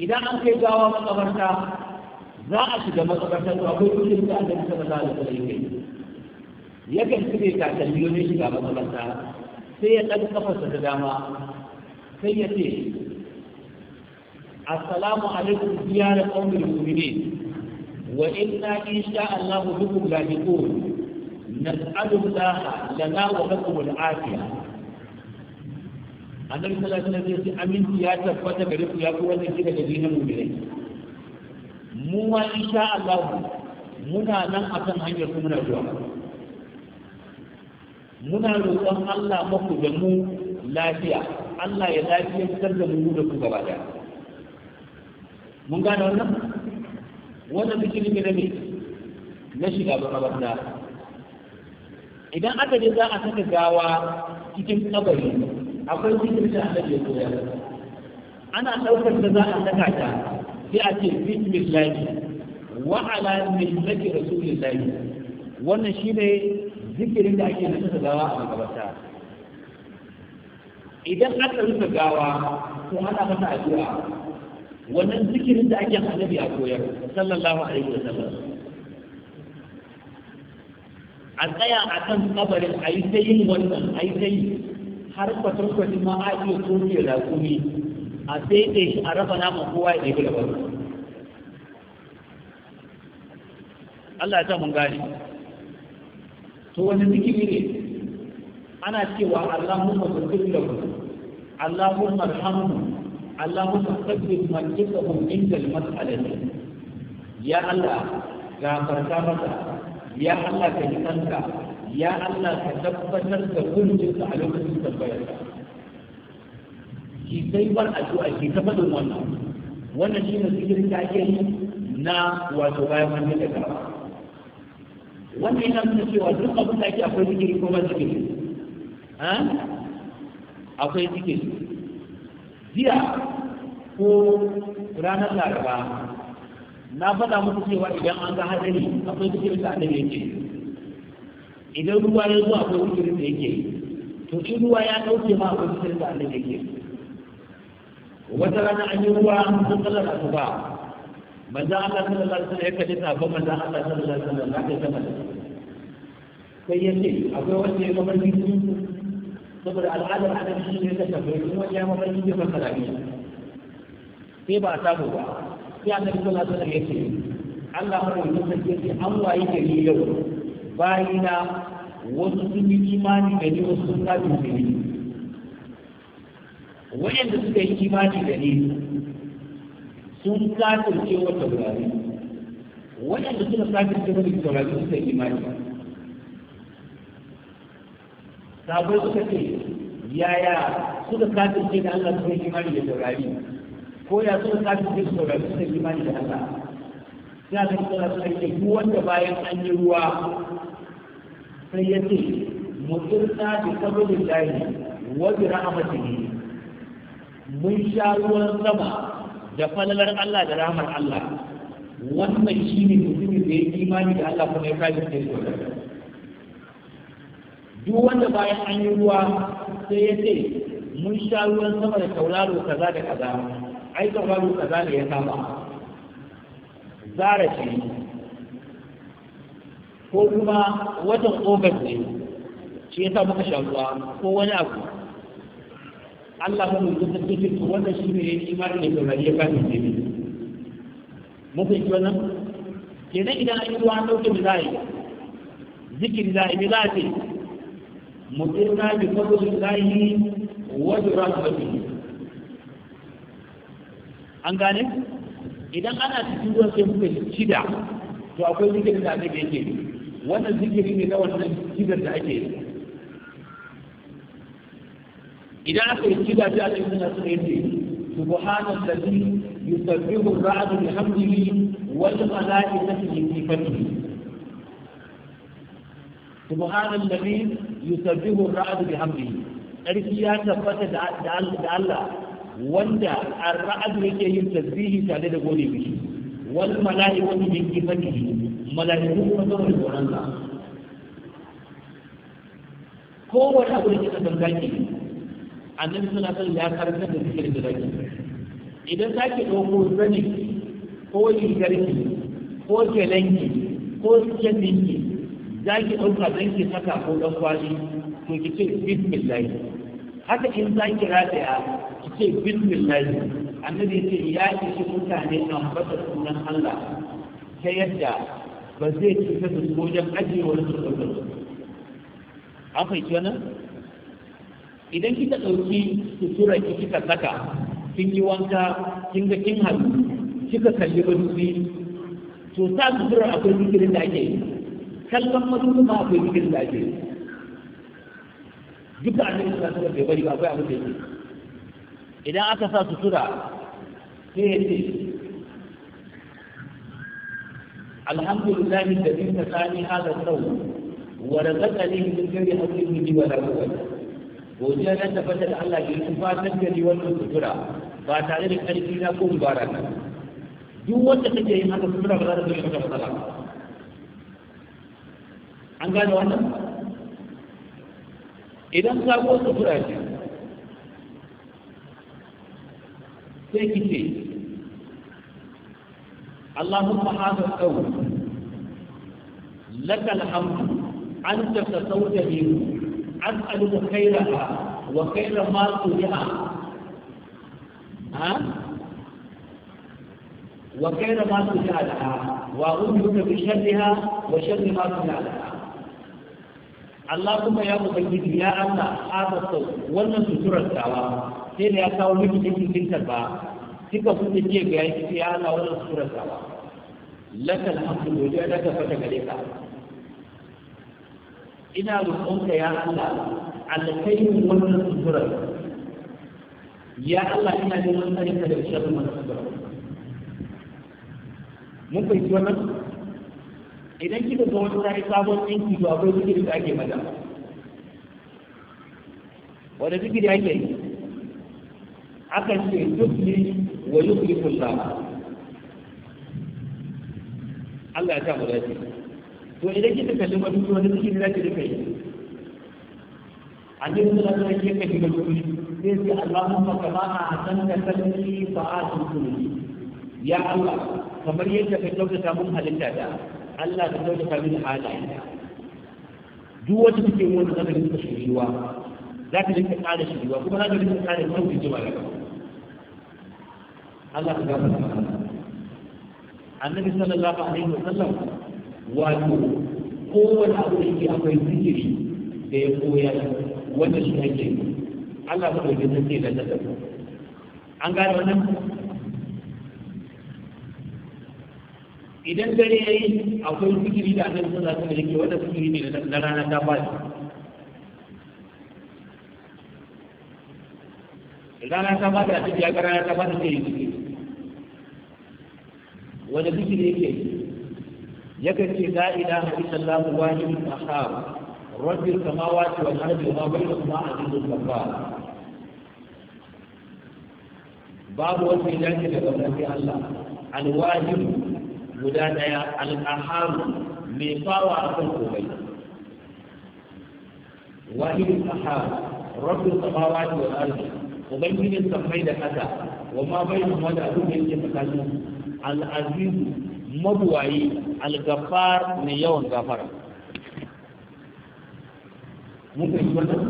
idan an kai gawa makabarta za a shiga makabarta to akwai kudin da aka yi a alaihi wasallam yakan cire takalmi wajen shiga makaranta sai ya ɗan kafarsa da dama sai ya ce assalamu alaikum da qaumil mu'minin wa inna sha Allah bikum lahiqun nas'alu Allah lana wa lakum al-afiya annabi sallallahu alaihi wasallam ya aminci ya tabbata gare ku ya ku wannan kida da dinin mu'minai mu ma sha Allah muna nan akan hanyar kuma na zuwa muna roƙon Allah maku da mu lafiya Allah ya lafiyantar da mu da ku gaba daya mun gane wannan wannan cikin ne da ne na shiga makabarta idan aka je za a saka gawa cikin kabari akwai cikin da aka je koya ana ɗaukar da za a saka ta sai a ce bismillah wa ala millati rasulillahi wannan shine zikirin da ake nasa gawa a magabata idan aka rufe gawa to ana mata addu'a wannan zikirin da ake annabi a koyar sallallahu alaihi sallam a tsaya a kan kabarin a yi ta yin wannan a yi ta yi har kwatankwacin ma a iya soke rakumi a sai shi a raba naman kowa ya ɗaya da Allah ya ta mun gani so wani zikiri ne ana cewa Allahumma zikir da ku Allahumma arhamhu Allahumma sabbit man mun inda al-mas'alati ya Allah farka masa ya Allah ka kanka ya Allah ka tabbatar da kullum a lokacin tabbayar ki sai bar addu'a ki ta faɗin wannan wannan shi ne ake yi na wato bayan wani da gaba wannan yana nuna cewa duk abin da ake akwai zikiri ko ba zikiri akwai zikiri jiya ko ranar laraba na faɗa muku cewa idan an ga hadari akwai zikirin da annabi yake idan ruwa ya zo akwai zikirin da yake to shi ruwa ya ɗauke ma akwai zikirin da annabi yake wata rana an yi ruwa sun tsallar ba manzan Allah sallallahu alaihi wasallam ya kaji sabon manzan Allah sallallahu alaihi wasallam na kai sama sai ya ce akwai wanda ya mafarki sun saboda al'adar adam shi ne ta tafi kuma ya mafarki ya fasara ne sai ba a samu ba sai annabi sallallahu alaihi wasallam ya ce Allah madaukakin sarki ya ce an wayi gari yau na wasu sun yi imani da ni wasu sun kafin da ni wa'anda suka yi imani da ni sun kafirce wa taurari waɗanda suka kafirce wa taurari suka yi imani sabai suka ce yaya suka kafirce da Allah suka yi imani da taurari ko ya suka kafirce da saurari suka yi imani da Allah sai aka tsara suka ce duk wanda bayan an yi ruwa sai ya ce mutunta bi sabulin lahi wa bi rahmatihi mun sha ruwan sama da falalar Allah da rahmar Allah wannan shi ne mutumin da ya yi imani da Allah kuma ya kaji da shi duk wanda bayan an yi ruwa sai ya ce mun sha ruwan sama da tauraro kaza da kaza ai tauraro kaza ne ya kama zara ce ko kuma watan ogas ne shi ya sa muka sha ruwa ko wani abu Allah ba mu zuwa cikin wannan shi ne imanin da gari ya kafin ne ne mun fi wannan kenan idan an yi ruwa an ɗauke mu zai zikiri zai mi za ce mutirna bi yi wajen ra su wajen. an gane idan ana cikin ruwan sai muka shida to akwai zikirin da ake yake wannan zikiri ne na wannan shidar da ake yi idan aka yi kida ta ce suna suka yi subhanan ladhi yusabbihu ar-ra'du bihamdihi wal malaikatu min sifatihi subhanan ladhi yusabbihu ar-ra'du bihamdihi sarki ya tabbata da Allah wanda ar-ra'du yake yin tasbihi tare da gode mishi wal malaikatu min sifatihi malaikatu kuma da tsoron Allah kowane abu da kika dangane annabi suna son ya karkar da cikin da idan za ki ɗauko zani ko rigarki ko gelanki ko kyaninki za ki ɗauka zan ki saka ko ɗan kwali to ki ce bismillah haka in za ki rataya ki ce bismillah annabi ce ya ishi mutane ambata sunan Allah ta yadda ba zai cutar da su wajen ajiye wani su an fahimci wannan idan kika ɗauki suturar ki kika saka kin yi wanka kin ga kin halu kika kalli madubi to sa suturar akwai zikirin da ake yi kallon madubi ma akwai zikirin da ake yi duka a cikin alaihi wasallam bai bari ba akwai abin da yake idan aka sa sutura sai ya ce الحمد لله الذي نساني هذا الثوب ورزقني من غير حول مني ولا قوه godiya na tabbata da Allah ke yi ba da ni wannan sutura ba tare da karfi na ko ka duk wanda take yin haka sutura ba za ta zama mata matsala an gane wannan idan ko sutura ce sai ki ce Allahumma hadha al-qawl laka al-hamd anta tasawwata minhu أسألك خيرها وخير ما تبعها ها وخير ما تبع لها وأعوذ بشرها وشر ما تبع لها اللهم يا مبيد يا الله هذا الصوت wannan suturar tawa sai da ya kawo miki cikin cikin ba kika kuke ce ga ya Allah wannan suturar tawa lakal hamdu wa laka fata ina roƙonka ya Allah alkairin wannan sura ya Allah ina neman tsarinka da shirin masu mun fahimci wannan idan kika ga wani tare sabon ɗinki to akwai zikiri da ake mata wanda da ake yi akan ce ne wa yukli kullum Allah ya ta mu dace to idan kika kalli madubi wani cikin za ki rika yi annabi sallallahu alaihi wasallam yake kalli madubi zai ce Allahumma kama ahsanta khalqi fa ahsin kulli ya Allah kamar yadda ka kyautata mun halitta da Allah ka kyautata min halaye duk wata take wani zaka rinka shiriwa za ka rinka ƙara shiriwa kuma za ka rinka ƙara kyau da jima da Allah ka gafarta annabi sallallahu alaihi wasallam wato kowane abu da yake akwai zikiri da ya koya wanda shi ake Allah ba ɗauki sake da ta an gane wannan idan dare ya yi akwai zikiri da annabi sun alaihi wasallam yake wanda zikiri ne na rana ta ba shi rana ta ba da cikin ya ga rana ta faɗi sai yi zikiri wanda zikiri yake Ya yakan ce la ilaha illallah wahidul qahhar rabbul samawati wal ardi wa ma bainahuma azizul ghaffar babu wanda ya dace daga wani Allah alwahid guda daya alqahhar mai fawa kan komai wahidul qahhar rabbul samawati wal ardi ubangijin sammai da kasa wa ma bainahuma da abin da yake tsakanin al-aziz mabuwayi al-ghaffar ne yawan gafara mun fahimci wannan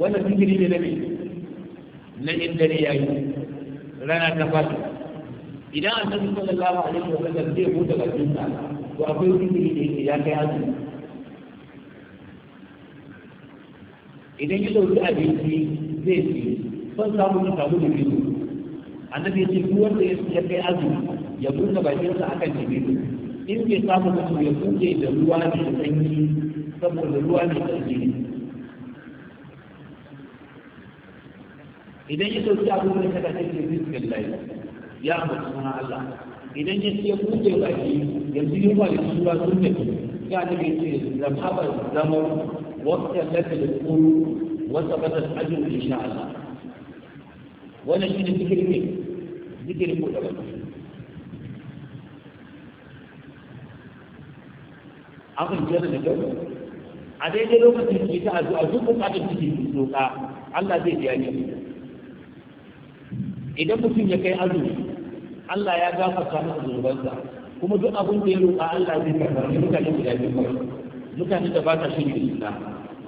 wannan zikiri ne na me na in dare yayi rana ta fata idan annabi sallallahu a wa sallam zai buɗe bakin sa to akwai zikiri da ya kai azumi idan ya dauki abinci zai ci son samu ya samu da biyu annabi ya ce duk da ya kai azumi ya buɗe bakinsa akan jibiru in bai samu mutum ya buɗe da ruwa mai sanyi saboda ruwa mai sanyi idan ya sauki abubuwan da ta kasance biskin lai ya mutu suna Allah idan ya ce buɗe baki yanzu ruwa da sura sun ne ya ne bai ce zamaba zamar wata lafi da kuru wata bata ajiyar insha Allah wannan shi ne zikirin ne zikirin buɗe baki abin jira da gani a daidai lokacin ki ta azu duk bukatar kike ki doka Allah zai biya ni idan mutum ya kai azu Allah ya gafarta masa zunubansa kuma duk abin da ya roƙa Allah zai karɓa shi mutane guda biyu kawai mutane da ba ta shi da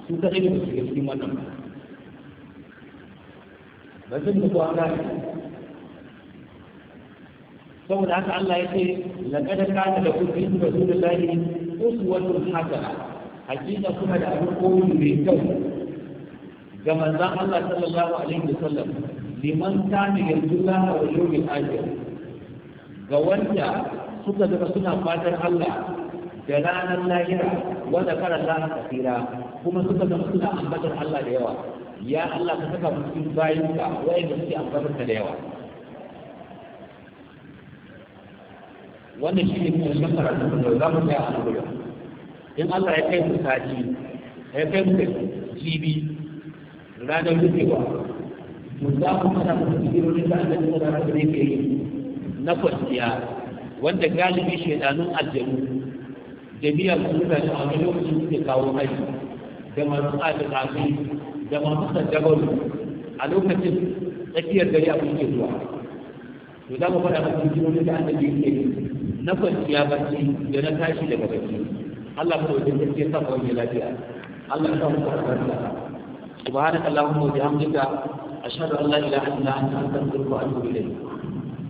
su ka ne su shiga cikin wannan ba sun mutu an saboda haka Allah ya ce laqad kana lakum fi rasulillahi uswatun hasana hakika kuma da abin koyi mai kyau ga manzon Allah sallallahu alaihi wasallam liman kana yarjullaha wal yawmil akhir ga wanda suka daga suna fatan Allah da ranar lahira wanda karan lana kafira kuma suka zama suna ambatar Allah da yawa ya Allah ka saka mu cikin bayinka wa'anda suke ambatar da yawa wannan shi ne karshen karatu da za mu kai a nan in Allah ya kai mu sati ya kai mu jibi ranar rufewa to za mu fara mu jibirorin da Allah ya fara da yake yi na kwanciya wanda galibi shedanun aljanu da biyar su da a wani lokacin suke kawo kai da masu tsada da masu saddabaru a lokacin tsakiyar gari abin ke zuwa to za mu fara mu jibirorin da Allah ya na kwanciya bacci da na tashi daga bacci Allah ka wajen gaske sabon kawai lafiya Allah ka muku albarka subhanaka allahumma wa bihamdika ashhadu an la ilaha illa anta astaghfiruka wa atubu ilayk